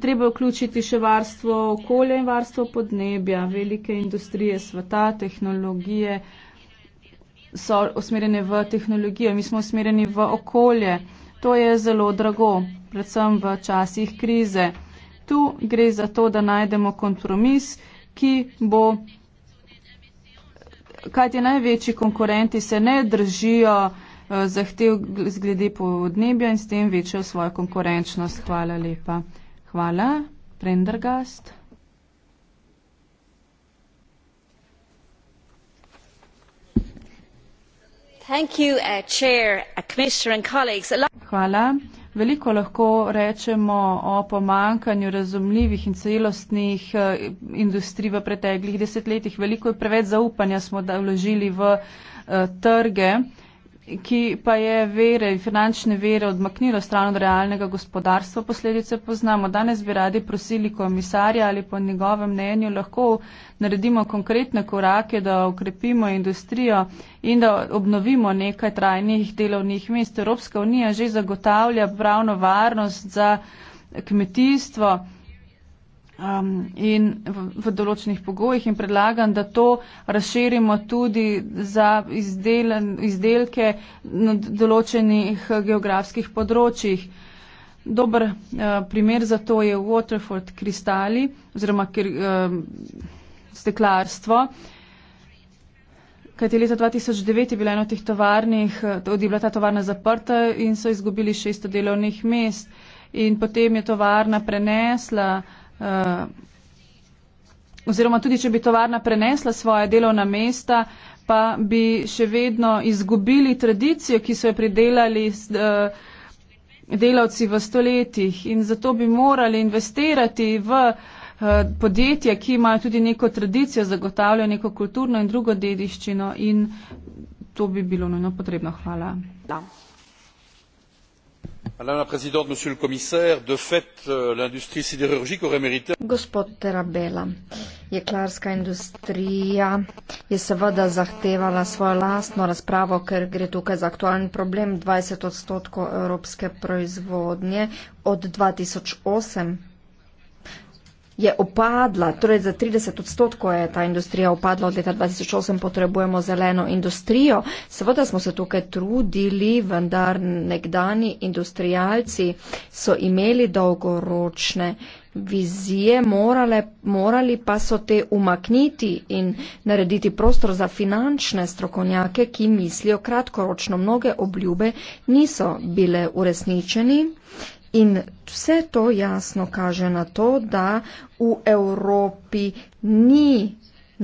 treba vključiti še varstvo okolja in varstvo podnebja, velike industrije sveta, tehnologije so usmerjene v tehnologijo, mi smo usmerjeni v okolje. To je zelo drago, predvsem v časih krize. Tu gre za to, da najdemo kompromis, ki bo, kaj ti največji konkurenti se ne držijo eh, zahtev glede podnebja in s tem večajo svojo konkurenčnost. Hvala lepa. Hvala, Prendergast. Thank you, uh, chair, uh, commissioner and colleagues. Hvala. Veliko lahko rečemo o pomankanju razumljivih in celostnih uh, industrij v preteklih desetletjih. Veliko je preveč zaupanja smo vložili v uh, trge. Uh, ki pa je vere, finančne vere odmaknilo stran od realnega gospodarstva, posledice poznamo. Danes bi radi prosili komisarja ali po njegovem mnenju lahko naredimo konkretne korake, da okrepimo industrijo in da obnovimo nekaj trajnih delovnih mest. Evropska unija že zagotavlja pravno varnost za kmetijstvo um, in v, v določenih pogojih in predlagam, da to razširimo tudi za izdel, izdelke na določenih eh, geografskih področjih. Dober uh, primer za to je Waterford kristali oziroma kir, uh, steklarstvo. Kajti leta 2009 je bila ena od teh tovarnih, tudi bila ta tovarna zaprta in so izgubili 600 delovnih mest. In potem je tovarna prenesla uh, Eh, oziroma tudi, če bi tovarna prenesla svoje delovna mesta, pa bi še vedno izgubili tradicijo, ki so jo pridelali uh, delavci v stoletjih. In zato bi morali investirati v uh, podjetja, ki imajo tudi neko tradicijo, zagotavljajo neko kulturno in drugo dediščino. In to bi bilo nujno potrebno. Hvala. Da madame la présidente monsieur le commissaire de fait euh, l'industrie sidérurgique aurait mérité. gospod terabela jeklarska industrija je seveda zahtevala svojo lastno razpravo ker gre tukaj za aktualni problem dvajset odstotkov evropske proizvodnje od dva tisoč osem je opadla, torej za 30 odstotkov je ta industrija opadla, od leta 2008 potrebujemo zeleno industrijo. Seveda smo se tukaj trudili, vendar nekdani industrijalci so imeli dolgoročne vizije, morale, morali pa so te umakniti in narediti prostor za finančne strokovnjake, ki mislijo kratkoročno. Mnoge obljube niso bile uresničeni. Uh, In vse to jasno kaže na to, da v Evropi ni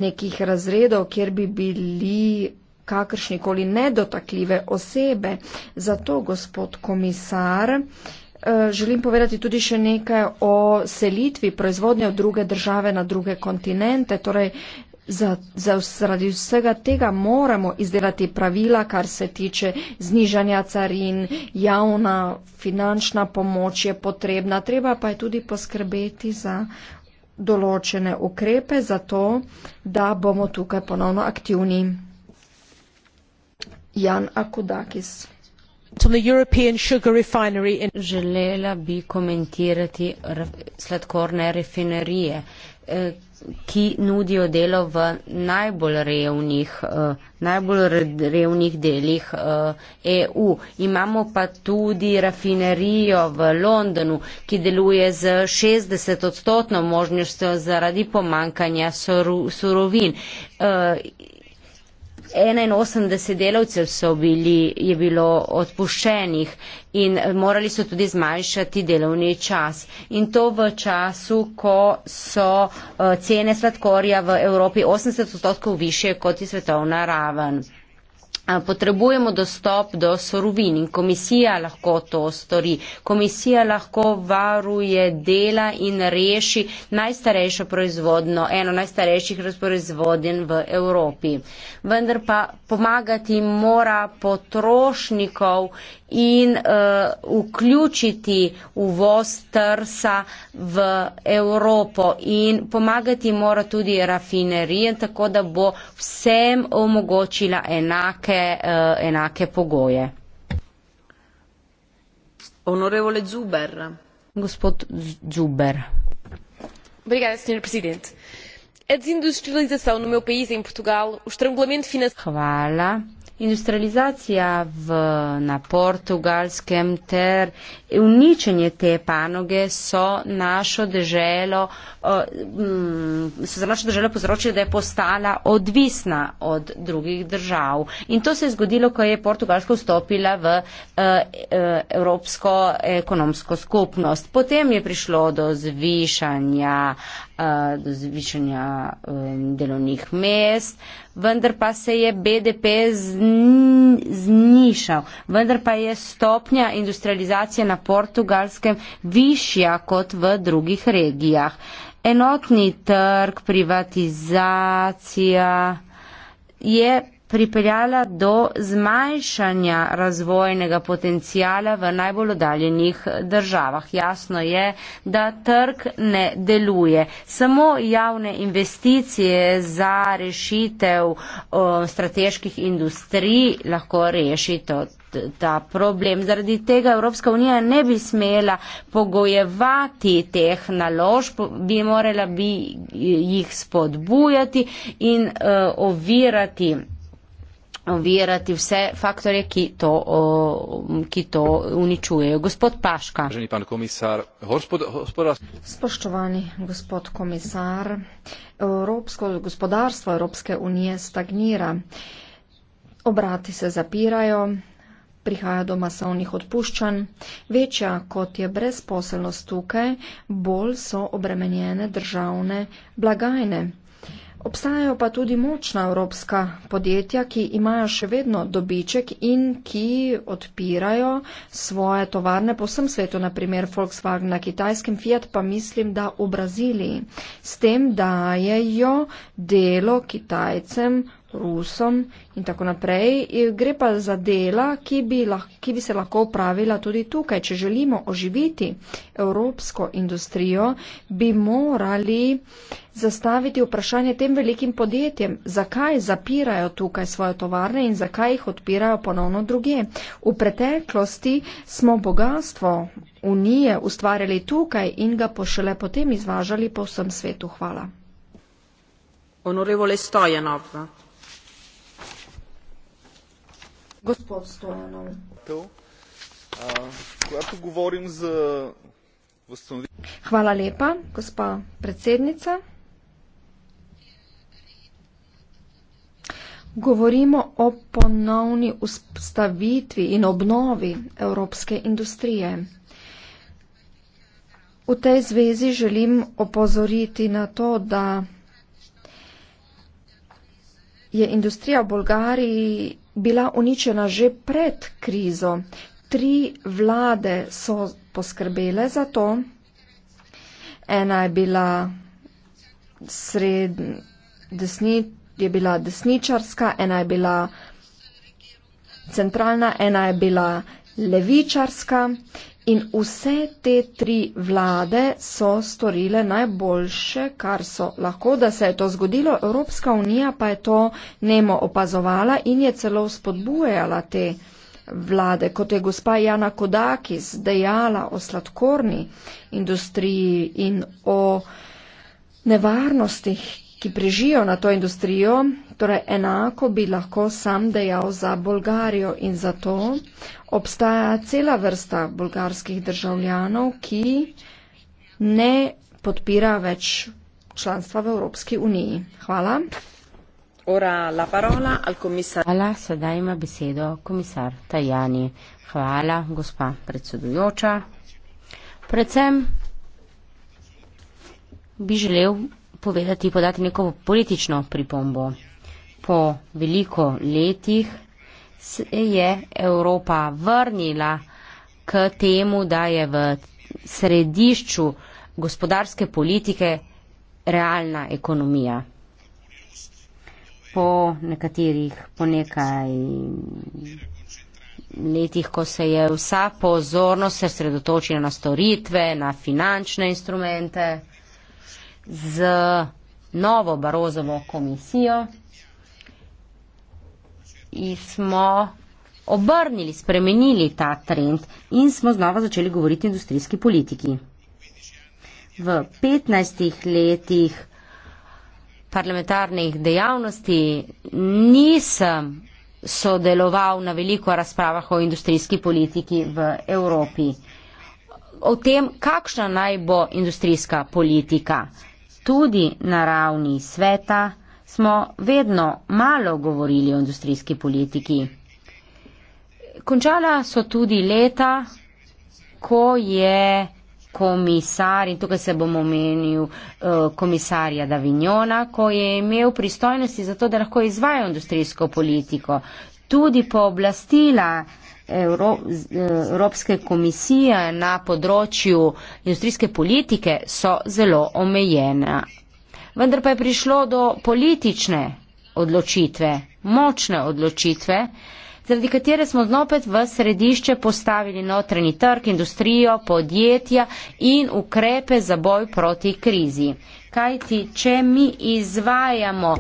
nekih razredov, kjer bi bili kakršnikoli nedotakljive osebe. Zato, gospod komisar, eh, želim povedati tudi še nekaj o selitvi proizvodnje v druge države na druge kontinente, torej za, za, zaradi vsega tega moramo izdelati pravila, kar se tiče znižanja carin, javna finančna pomoč je potrebna, treba pa je tudi poskrbeti za določene ukrepe, zato da bomo tukaj ponovno aktivni. Jan Akudakis. On the European sugar refinery in Želela bi komentirati sladkorne refinerije. Eh, ki nudijo delo v najbolj revnih, uh, najbolj revnih delih uh, eh, EU. Imamo pa tudi rafinerijo v Londonu, ki deluje z 60 odstotno možnostjo zaradi pomankanja soru, surovin. Uh, 81 delavcev bili, je bilo odpuščenih in morali so tudi zmanjšati delovni čas. In to v času, ko so eh, cene sladkorja v Evropi 80 odstotkov više kot je svetovna raven. Potrebujemo dostop do sorovin in komisija lahko to stori. Komisija lahko varuje dela in reši najstarejšo proizvodno, eno najstarejših razporizvodin v Evropi. Vendar pa pomagati mora potrošnikov in uh, vključiti uvoz trsa v Evropo in pomagati mora tudi rafinerijem, tako da bo vsem omogočila enake enake, uh, enake pogoje. Onorevole Zuber. Gospod Zuber. Obrigada, senhor Presidente. A desindustrialização no meu país, em Portugal, o estrangulamento financeiro. Hvala. Industrializacija v, na portugalskem ter uničenje te panoge so, našo deželo, eh, mm, so za našo državo povzročili, da je postala odvisna od drugih držav. In to se je zgodilo, ko je Portugalska vstopila v eh, eh, Evropsko ekonomsko skupnost. Potem je prišlo do zvišanja Eh, do zvišanja eh, delovnih mest, vendar pa se je BDP znišal, vendar pa je stopnja industrializacije na portugalskem višja kot v drugih regijah. Enotni trg, privatizacija je pripeljala do zmanjšanja razvojnega potencijala v najbolj oddaljenih državah. Jasno je, da trg ne deluje. Samo javne investicije za rešitev o, strateških industrij lahko rešijo ta problem. Zaradi tega Evropska unija ne bi smela pogojevati teh naložb, bi morala bi jih spodbujati in uh, ovirati ovirati vse faktore, ki to, ki to uničujejo. Gospod Paška. Komisar, gospod, gospoda... Spoštovani gospod komisar, Evropsko gospodarstvo Evropske unije stagnira, obrati se zapirajo, prihaja do masovnih odpuščanj, večja kot je brezposelnost tukaj, bolj so obremenjene državne blagajne. Obstajajo pa tudi močna evropska podjetja, ki imajo še vedno dobiček in ki odpirajo svoje tovarne po vsem svetu, naprimer Volkswagen na kitajskem, Fiat pa mislim, da v Braziliji. S tem dajejo delo kitajcem Rusom in tako naprej. Eh, gre pa za dela, ki bi, lahko, ki bi se lahko upravila tudi tukaj. Če želimo oživiti evropsko industrijo, bi morali zastaviti vprašanje tem velikim podjetjem, zakaj zapirajo tukaj svoje tovarne in zakaj jih odpirajo ponovno druge. V preteklosti smo bogatstvo Unije ustvarjali tukaj in ga pošle potem izvažali po vsem svetu. Hvala. Onorevole Stojanov gospod Stojanov. Hvala lepa, gospa predsednica. Govorimo o ponovni ustavitvi in obnovi evropske industrije. V tej zvezi želim opozoriti na to, da je industrija v Bolgariji bila uničena že pred krizo. Tri vlade so poskrbele za to. Ena je bila sred, desni, je bila desničarska, ena je bila centralna, ena je bila levičarska In vse te tri vlade so storile najboljše, kar so lahko, da se je to zgodilo. Evropska unija pa je to nemo opazovala in je celo spodbujala te vlade, kot je gospa Jana Kodakis dejala o sladkorni industriji in o nevarnostih, ki prežijo na to industrijo, Torej, enako bi lahko sam dejal za Bolgarijo in zato obstaja cela vrsta bolgarskih državljanov, ki ne podpira več članstva v Evropski uniji. Hvala. Ora la parola al komisar. Hvala, sedaj ima besedo komisar Tajani. Hvala, gospa predsedujoča. Predvsem bi želel povedati, podati neko politično pripombo po veliko letih se je Evropa vrnila k temu, da je v središču gospodarske politike realna ekonomija. Po nekaterih, po nekaj letih, ko se je vsa pozornost sredotočila na storitve, na finančne instrumente, z novo Barozovo komisijo, smo obrnili, spremenili ta trend in smo znova začeli govoriti o industrijski politiki. V 15 letih parlamentarnih dejavnosti nisem sodeloval na veliko razpravah o industrijski politiki v Evropi. O tem, kakšna naj bo industrijska politika, tudi na ravni sveta, smo vedno malo govorili o industrijski politiki. Končala so tudi leta, ko je komisar in tukaj se bom omenil eh, komisarja Davignona, ko je imel pristojnosti za to, da lahko izvaja industrijsko politiko. Tudi po oblastila Evro, Evropske komisije na področju industrijske politike so zelo omejena vendar pa je prišlo do politične odločitve, močne odločitve, zaradi katere smo znopet v središče postavili notranji trg, industrijo, podjetja in ukrepe za boj proti krizi. Kajti, če mi izvajamo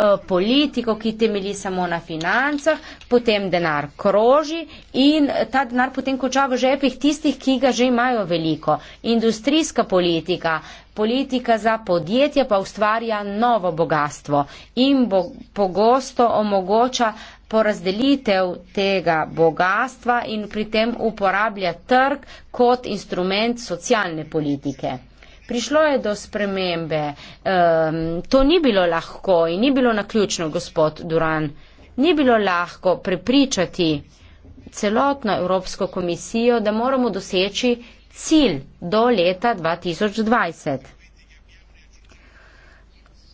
Eh, politiko, ki temelji samo na financah, potem denar kroži in ta denar potem konča v žepih tistih, ki ga že imajo veliko. Industrijska politika, politika za podjetje pa ustvarja novo bogatstvo in bo, pogosto omogoča porazdelitev tega bogatstva in pri tem uporablja trg kot instrument socialne politike prišlo je do spremembe. Um, to ni bilo lahko in ni bilo naključno, gospod Duran. Ni bilo lahko prepričati celotno Evropsko komisijo, da moramo doseči cilj do leta 2020.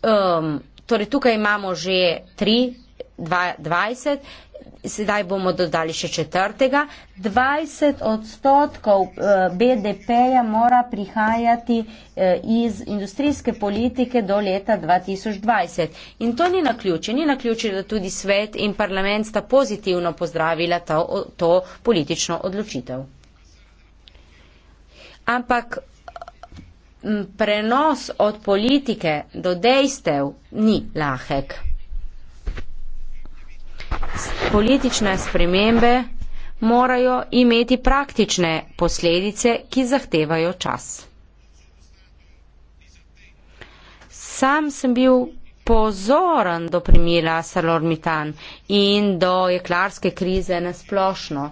Um, torej, tukaj imamo že 3.20 sedaj bomo dodali še četrtega, 20 odstotkov eh, BDP-ja mora prihajati eh, iz industrijske politike do leta 2020. In to ni na ključe, ni na ključe, da tudi svet in parlament sta pozitivno pozdravila to, to politično odločitev. Ampak prenos od politike do dejstev ni lahek. Politične spremembe morajo imeti praktične posledice, ki zahtevajo čas. Sam sem bil pozoren do primila Salormitan in do jeklarske krize nasplošno,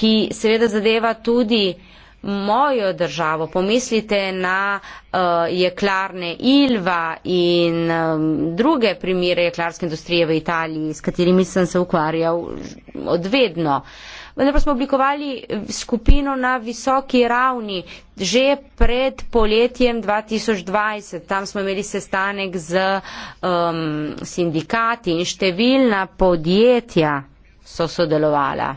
ki seveda zadeva tudi uh, mojo državo, pomislite na uh, jeklarne Ilva in um, druge primere jeklarske industrije v Italiji, s katerimi sem se ukvarjal odvedno. Vendar pa smo oblikovali skupino na visoki ravni že pred poletjem 2020. Tam smo imeli sestanek z um, sindikati in številna podjetja so sodelovala.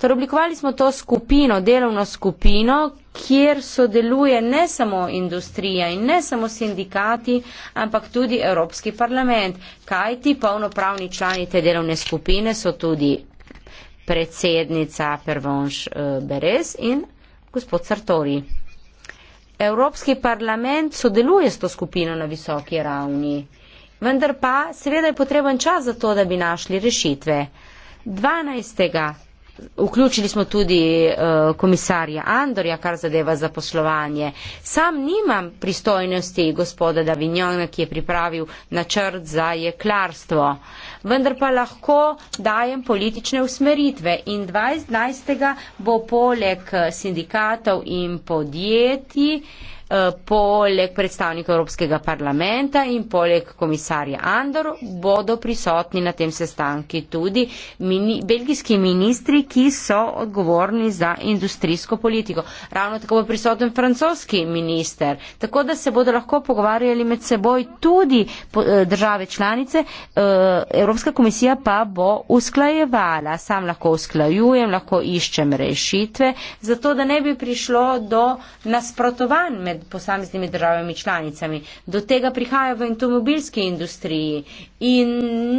Torej, oblikovali smo to skupino, delovno skupino, kjer sodeluje ne samo industrija in ne samo sindikati, ampak tudi Evropski parlament. Kaj ti polnopravni člani te delovne skupine so tudi predsednica Pervonš eh, Beres in gospod Sartori. Evropski parlament sodeluje s to skupino na visoki ravni, vendar pa seveda je potreben čas za to, da bi našli rešitve. 12. Vključili smo tudi uh, komisarja Andorja, kar zadeva zaposlovanje. Sam nimam pristojnosti gospoda Davignona, ki je pripravil načrt za jeklarstvo, vendar pa lahko dajem politične usmeritve in 2012. bo poleg sindikatov in podjetij uh, Eh, poleg predstavnika Evropskega parlamenta in poleg komisarja Andor bodo prisotni na tem sestanki tudi mini, belgijski ministri, ki so odgovorni za industrijsko politiko. Ravno tako bo prisoten francoski minister. Tako da se bodo lahko pogovarjali med seboj tudi eh, države članice. Eh, Evropska komisija pa bo usklajevala. Sam lahko usklajujem, lahko iščem rešitve, zato da ne bi prišlo do nasprotovanj med med posameznimi državami članicami. Do tega prihaja v avtomobilski industriji in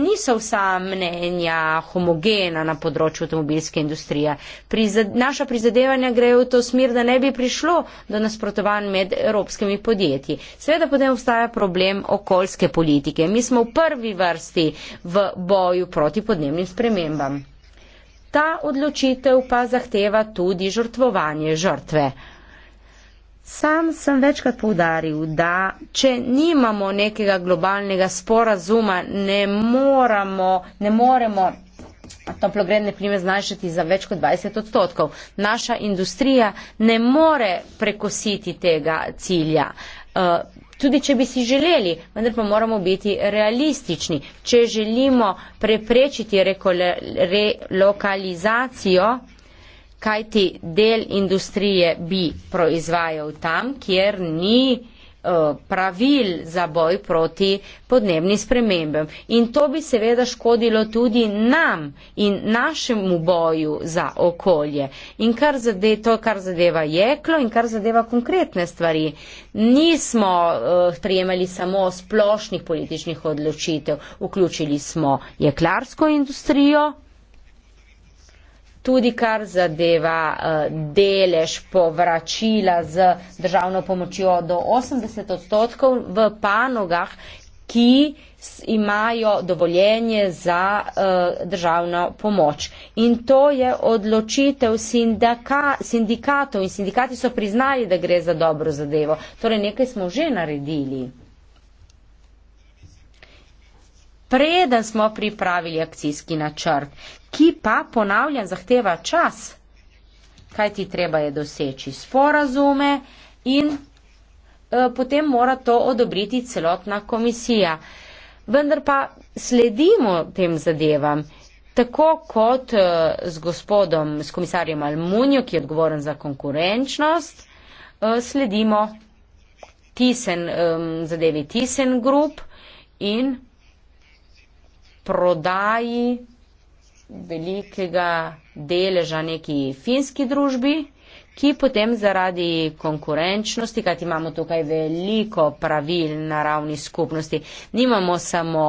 niso vsa mnenja homogena na področju avtomobilske industrije. Prizad, naša prizadevanja grejo v to smer, da ne bi prišlo do nasprotovanj med evropskimi podjetji. Seveda potem obstaja problem okoljske politike. Mi smo v prvi vrsti v boju proti podnebnim spremembam. Ta odločitev pa zahteva tudi žrtvovanje žrtve. Sam sem večkrat povdaril, da če nimamo nekega globalnega sporazuma, ne, moramo, ne moremo toplogredne plime znašati za več kot 20 odstotkov. Naša industrija ne more prekositi tega cilja. Eh, tudi če bi si želeli, vendar pa moramo biti realistični. Če želimo preprečiti relokalizacijo, re kajti del industrije bi proizvajal tam, kjer ni eh, pravil za boj proti podnebnim spremembem. In to bi seveda škodilo tudi nam in našemu boju za okolje. In kar zade, to, kar zadeva jeklo in kar zadeva konkretne stvari, nismo uh, eh, prijemali samo splošnih političnih odločitev, vključili smo jeklarsko industrijo, tudi kar zadeva eh, delež povračila z državno pomočjo do 80 odstotkov v panogah, ki imajo dovoljenje za eh, državno pomoč. In to je odločitev sindika, sindikatov in sindikati so priznali, da gre za dobro zadevo. Torej nekaj smo že naredili. preden smo pripravili akcijski načrt, ki pa, ponavljam, zahteva čas, kaj ti treba je doseči sporazume in eh, potem mora to odobriti celotna komisija. Vendar pa sledimo tem zadevam, tako kot eh, z gospodom, s komisarjem Almunjo, ki je odgovoren za konkurenčnost, eh, sledimo. Tisen, um, ehm, zadevi Tisen Group in prodaji velikega deleža neki finski družbi, ki potem zaradi konkurenčnosti, kajti imamo tukaj veliko pravil na ravni skupnosti, nimamo samo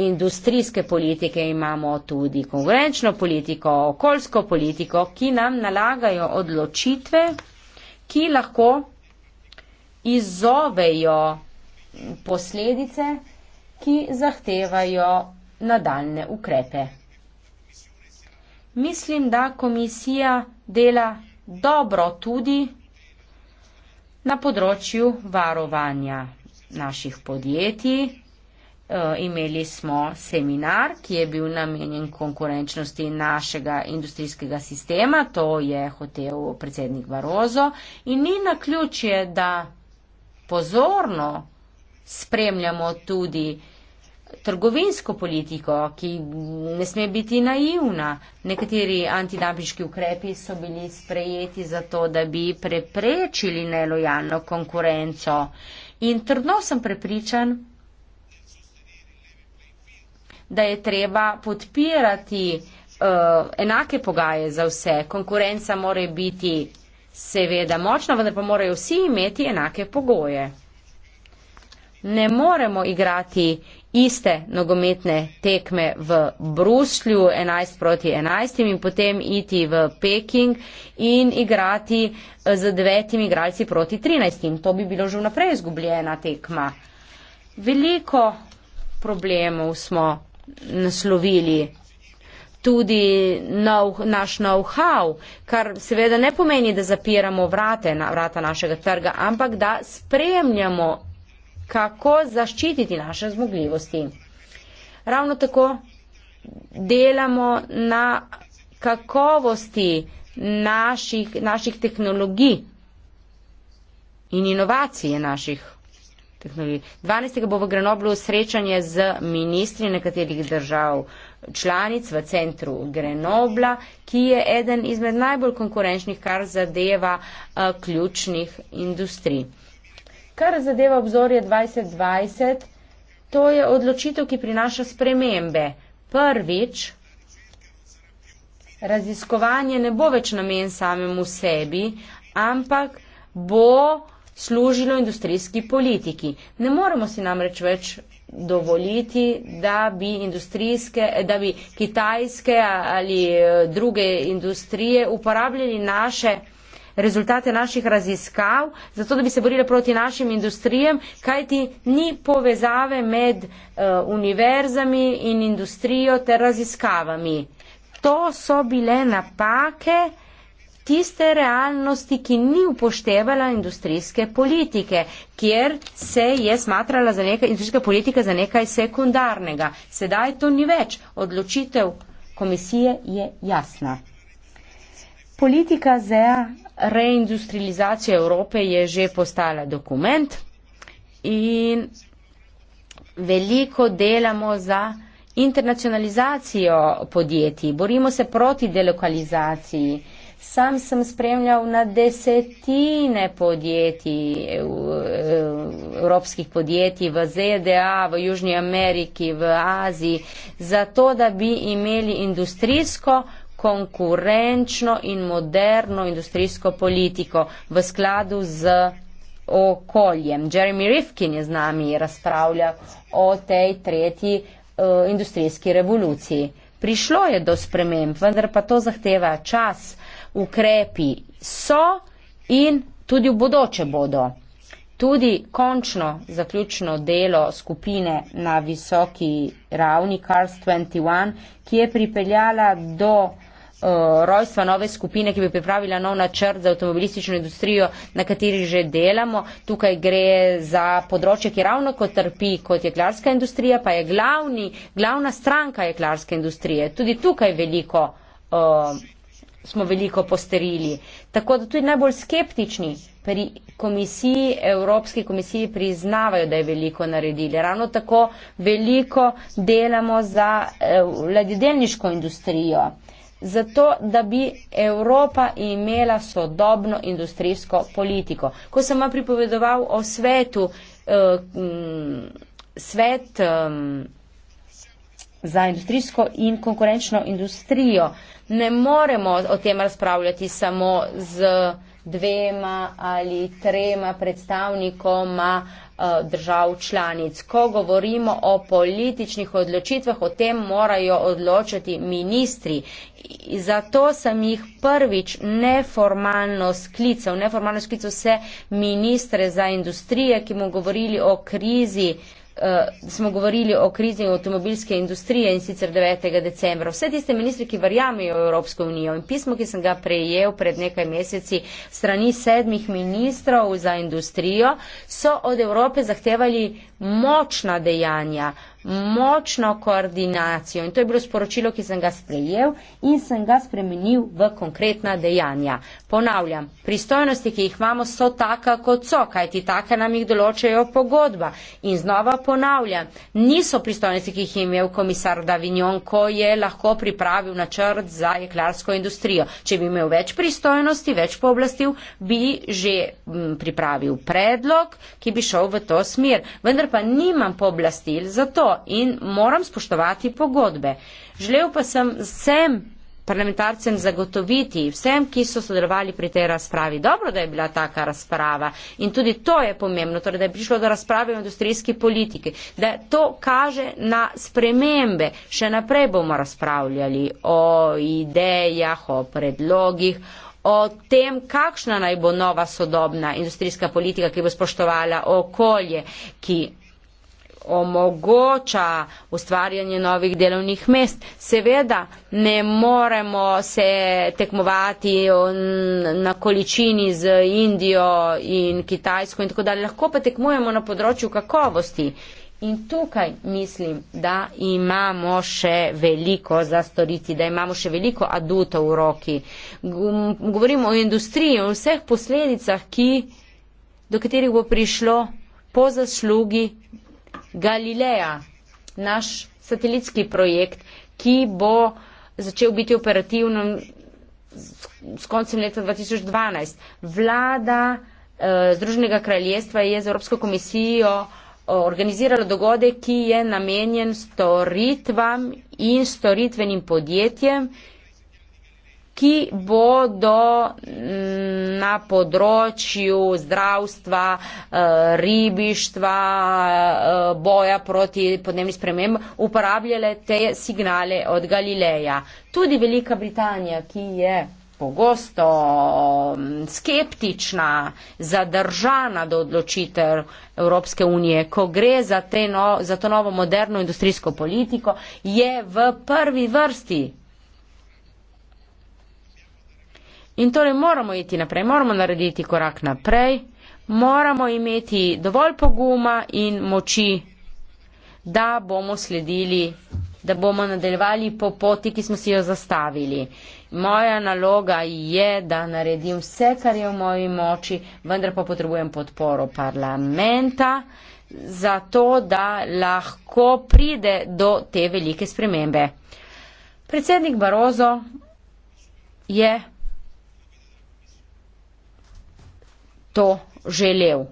industrijske politike, imamo tudi konkurenčno politiko, okoljsko politiko, ki nam nalagajo odločitve, ki lahko izzovejo posledice, ki zahtevajo nadaljne ukrepe. Mislim, da komisija dela dobro tudi na področju varovanja naših podjetij. E, imeli smo seminar, ki je bil namenjen konkurenčnosti našega industrijskega sistema, to je hotel predsednik Varozo in ni na ključje, da pozorno spremljamo tudi trgovinsko politiko, ki ne sme biti naivna. Nekateri antidampiški ukrepi so bili sprejeti zato, da bi preprečili nelojalno konkurenco. In trdno sem prepričan, da je treba podpirati uh, enake pogaje za vse. Konkurenca mora biti seveda močna, vendar pa morajo vsi imeti enake pogoje. Ne moremo igrati iste nogometne tekme v Bruslju 11 proti 11 in potem iti v Peking in igrati eh, z devetimi igralci proti 13. To bi bilo že vnaprej izgubljena tekma. Veliko problemov smo naslovili. Tudi nov, naš know-how, kar seveda ne pomeni, da zapiramo vrate, vrata našega trga, ampak da spremljamo kako zaščititi naše zmogljivosti. Ravno tako delamo na kakovosti naših, naših tehnologij in inovacije naših tehnologij. 12. bo v Grenoblu srečanje z ministri nekaterih držav članic v centru Grenobla, ki je eden izmed najbolj konkurenčnih, kar zadeva eh, ključnih industrij. Kar zadeva obzorje 2020, to je odločitev, ki prinaša spremembe. Prvič, raziskovanje ne bo več namen samemu sebi, ampak bo služilo industrijski politiki. Ne moremo si namreč več dovoliti, da bi, da bi kitajske ali eh, druge industrije uporabljali naše rezultate naših raziskav, zato da bi se borile proti našim industrijam, kajti ni povezave med uh, univerzami in industrijo ter raziskavami. To so bile napake tiste realnosti, ki ni upoštevala industrijske politike, kjer se je smatrala za nekaj, industrijska politika za nekaj sekundarnega. Sedaj to ni več. Odločitev komisije je jasna. Politika ZEA. Reindustrializacija Evrope je že postala dokument in veliko delamo za internacionalizacijo podjetij, borimo se proti delokalizaciji. Sam sem spremljal na desetine podjetij, evropskih podjetij v ZDA, v Južnji Ameriki, v Aziji, zato da bi imeli industrijsko konkurenčno in moderno industrijsko politiko v skladu z okoljem. Jeremy Rifkin je z nami razpravljal o tej tretji uh, industrijski revoluciji. Prišlo je do sprememb, vendar pa to zahteva čas, ukrepi so in tudi v bodoče bodo. Tudi končno zaključno delo skupine na visoki ravni Cars 21, ki je pripeljala do Eh, rojstva nove skupine, ki bi pripravila nov načrt za avtomobilistično industrijo, na kateri že delamo. Tukaj gre za področje, ki ravno kot trpi, kot je klarska industrija, pa je glavni, glavna stranka je klarske industrije. Tudi tukaj veliko, uh, smo veliko posterili. Tako da tudi najbolj skeptični pri komisiji, Evropski komisiji priznavajo, da je veliko naredili. Ravno tako veliko delamo za uh, ladjedelniško industrijo zato da bi Evropa imela sodobno industrijsko politiko. Ko sem vam pripovedoval o svetu, eh, mm, svet eh, za industrijsko in konkurenčno industrijo, ne moremo o tem razpravljati samo z dvema ali trema predstavnikoma Eh, držav članic. Ko govorimo o političnih odločitvah, o tem morajo odločati ministri. Zato sem jih prvič neformalno sklical. Neformalno sklical se ministre za industrije, ki mu govorili o krizi uh, smo govorili o krizi avtomobilske industrije in sicer 9. decembra. Vse tiste ministri, ki verjamejo v Evropsko unijo in pismo, ki sem ga prejel pred nekaj meseci strani sedmih ministrov za industrijo, so od Evrope zahtevali močna dejanja, močno koordinacijo in to je bilo sporočilo, ki sem ga sprejel in sem ga spremenil v konkretna dejanja. Ponavljam, pristojnosti, ki jih imamo, so taka, kot so, kajti taka nam jih določajo pogodba. In znova ponavljam, niso pristojnosti, ki jih je imel komisar Davignon, ko je lahko pripravil načrt za jeklarsko industrijo. Če bi imel več pristojnosti, več pooblastil, bi že m, mm, pripravil predlog, ki bi šel v to smer. Vendar pa nimam pooblastil za to in moram spoštovati pogodbe. Želel pa sem vsem parlamentarcem zagotoviti, vsem, ki so sodelovali pri tej razpravi, dobro, da je bila taka razprava in tudi to je pomembno, torej, da je prišlo do razprave o industrijski politiki, da to kaže na spremembe. Še naprej bomo razpravljali o idejah, o predlogih o tem, kakšna naj bo nova sodobna industrijska politika, ki bo spoštovala okolje, ki omogoča ustvarjanje novih delovnih mest. Seveda ne moremo se tekmovati na količini z Indijo in Kitajsko in tako dalje, lahko pa tekmujemo na področju kakovosti. In tukaj mislim, da imamo še veliko za storiti, da imamo še veliko aduta v roki. Govorimo o industriji, o vseh posledicah, ki, do katerih bo prišlo po zaslugi Galileja, naš satelitski projekt, ki bo začel biti operativen s koncem leta 2012. Vlada eh, Združenega kraljestva je z Evropsko komisijo eh, organizirala dogodek, ki je namenjen storitvam in storitvenim podjetjem, ki bodo mm, na področju zdravstva, eh, ribištva, eh, boja proti podnebnim spremembam uporabljale te signale od Galileja. Tudi Velika Britanija, ki je pogosto mm, skeptična, zadržana do odločitev Evropske unije, ko gre za, no, za to novo moderno industrijsko politiko, je v prvi vrsti In torej moramo iti naprej, moramo narediti korak naprej, moramo imeti dovolj poguma in moči, da bomo sledili, da bomo nadaljevali po poti, ki smo si jo zastavili. Moja naloga je, da naredim vse, kar je v moji moči, vendar pa potrebujem podporo parlamenta, zato da lahko pride do te velike spremembe. Predsednik Barozo je to želel.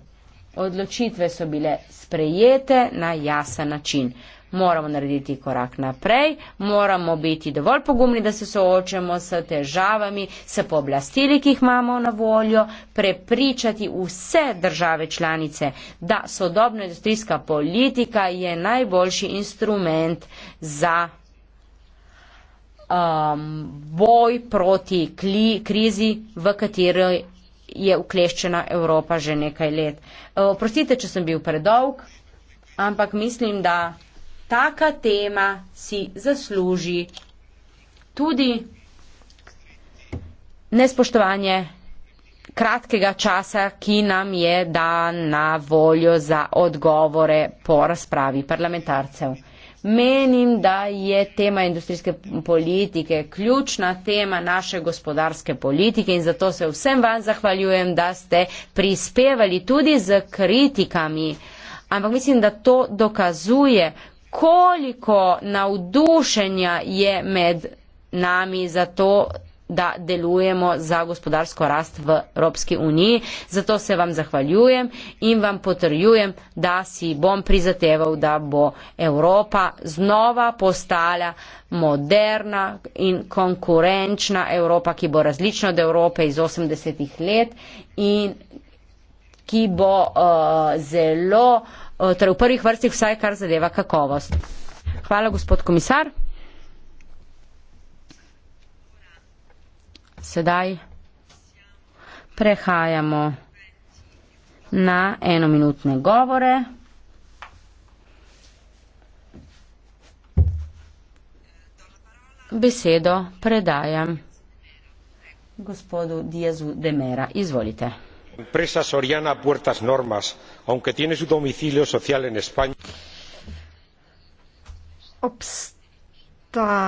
Odločitve so bile sprejete na jasen način. Moramo narediti korak naprej, moramo biti dovolj pogumni, da se soočamo s težavami, s pooblastili, ki jih imamo na voljo, prepričati vse države članice, da sodobna industrijska politika je najboljši instrument za um, boj proti kli, krizi, v kateri je ukleščena Evropa že nekaj let. Eh, oprostite, če sem bil predolg, ampak mislim, da taka tema si zasluži tudi nespoštovanje kratkega časa, ki nam je dan na voljo za odgovore po razpravi parlamentarcev. Menim, da je tema industrijske politike ključna tema naše gospodarske politike in zato se vsem vam zahvaljujem, da ste prispevali tudi z kritikami. Ampak mislim, da to dokazuje, koliko navdušenja je med nami za to da delujemo za gospodarsko rast v Evropski uniji. Zato se vam zahvaljujem in vam potrjujem, da si bom prizateval, da bo Evropa znova postala moderna in konkurenčna Evropa, ki bo različna od Evrope iz 80-ih let in ki bo uh, zelo, uh, torej v prvih vrstih vsaj kar zadeva kakovost. Hvala, gospod komisar. sedaj prehajamo na enominutne govore. Besedo predajam gospodu Diazu de Mera. Izvolite. Empresa Soriana Puertas Normas, aunque tiene su domicilio social en España. Obsta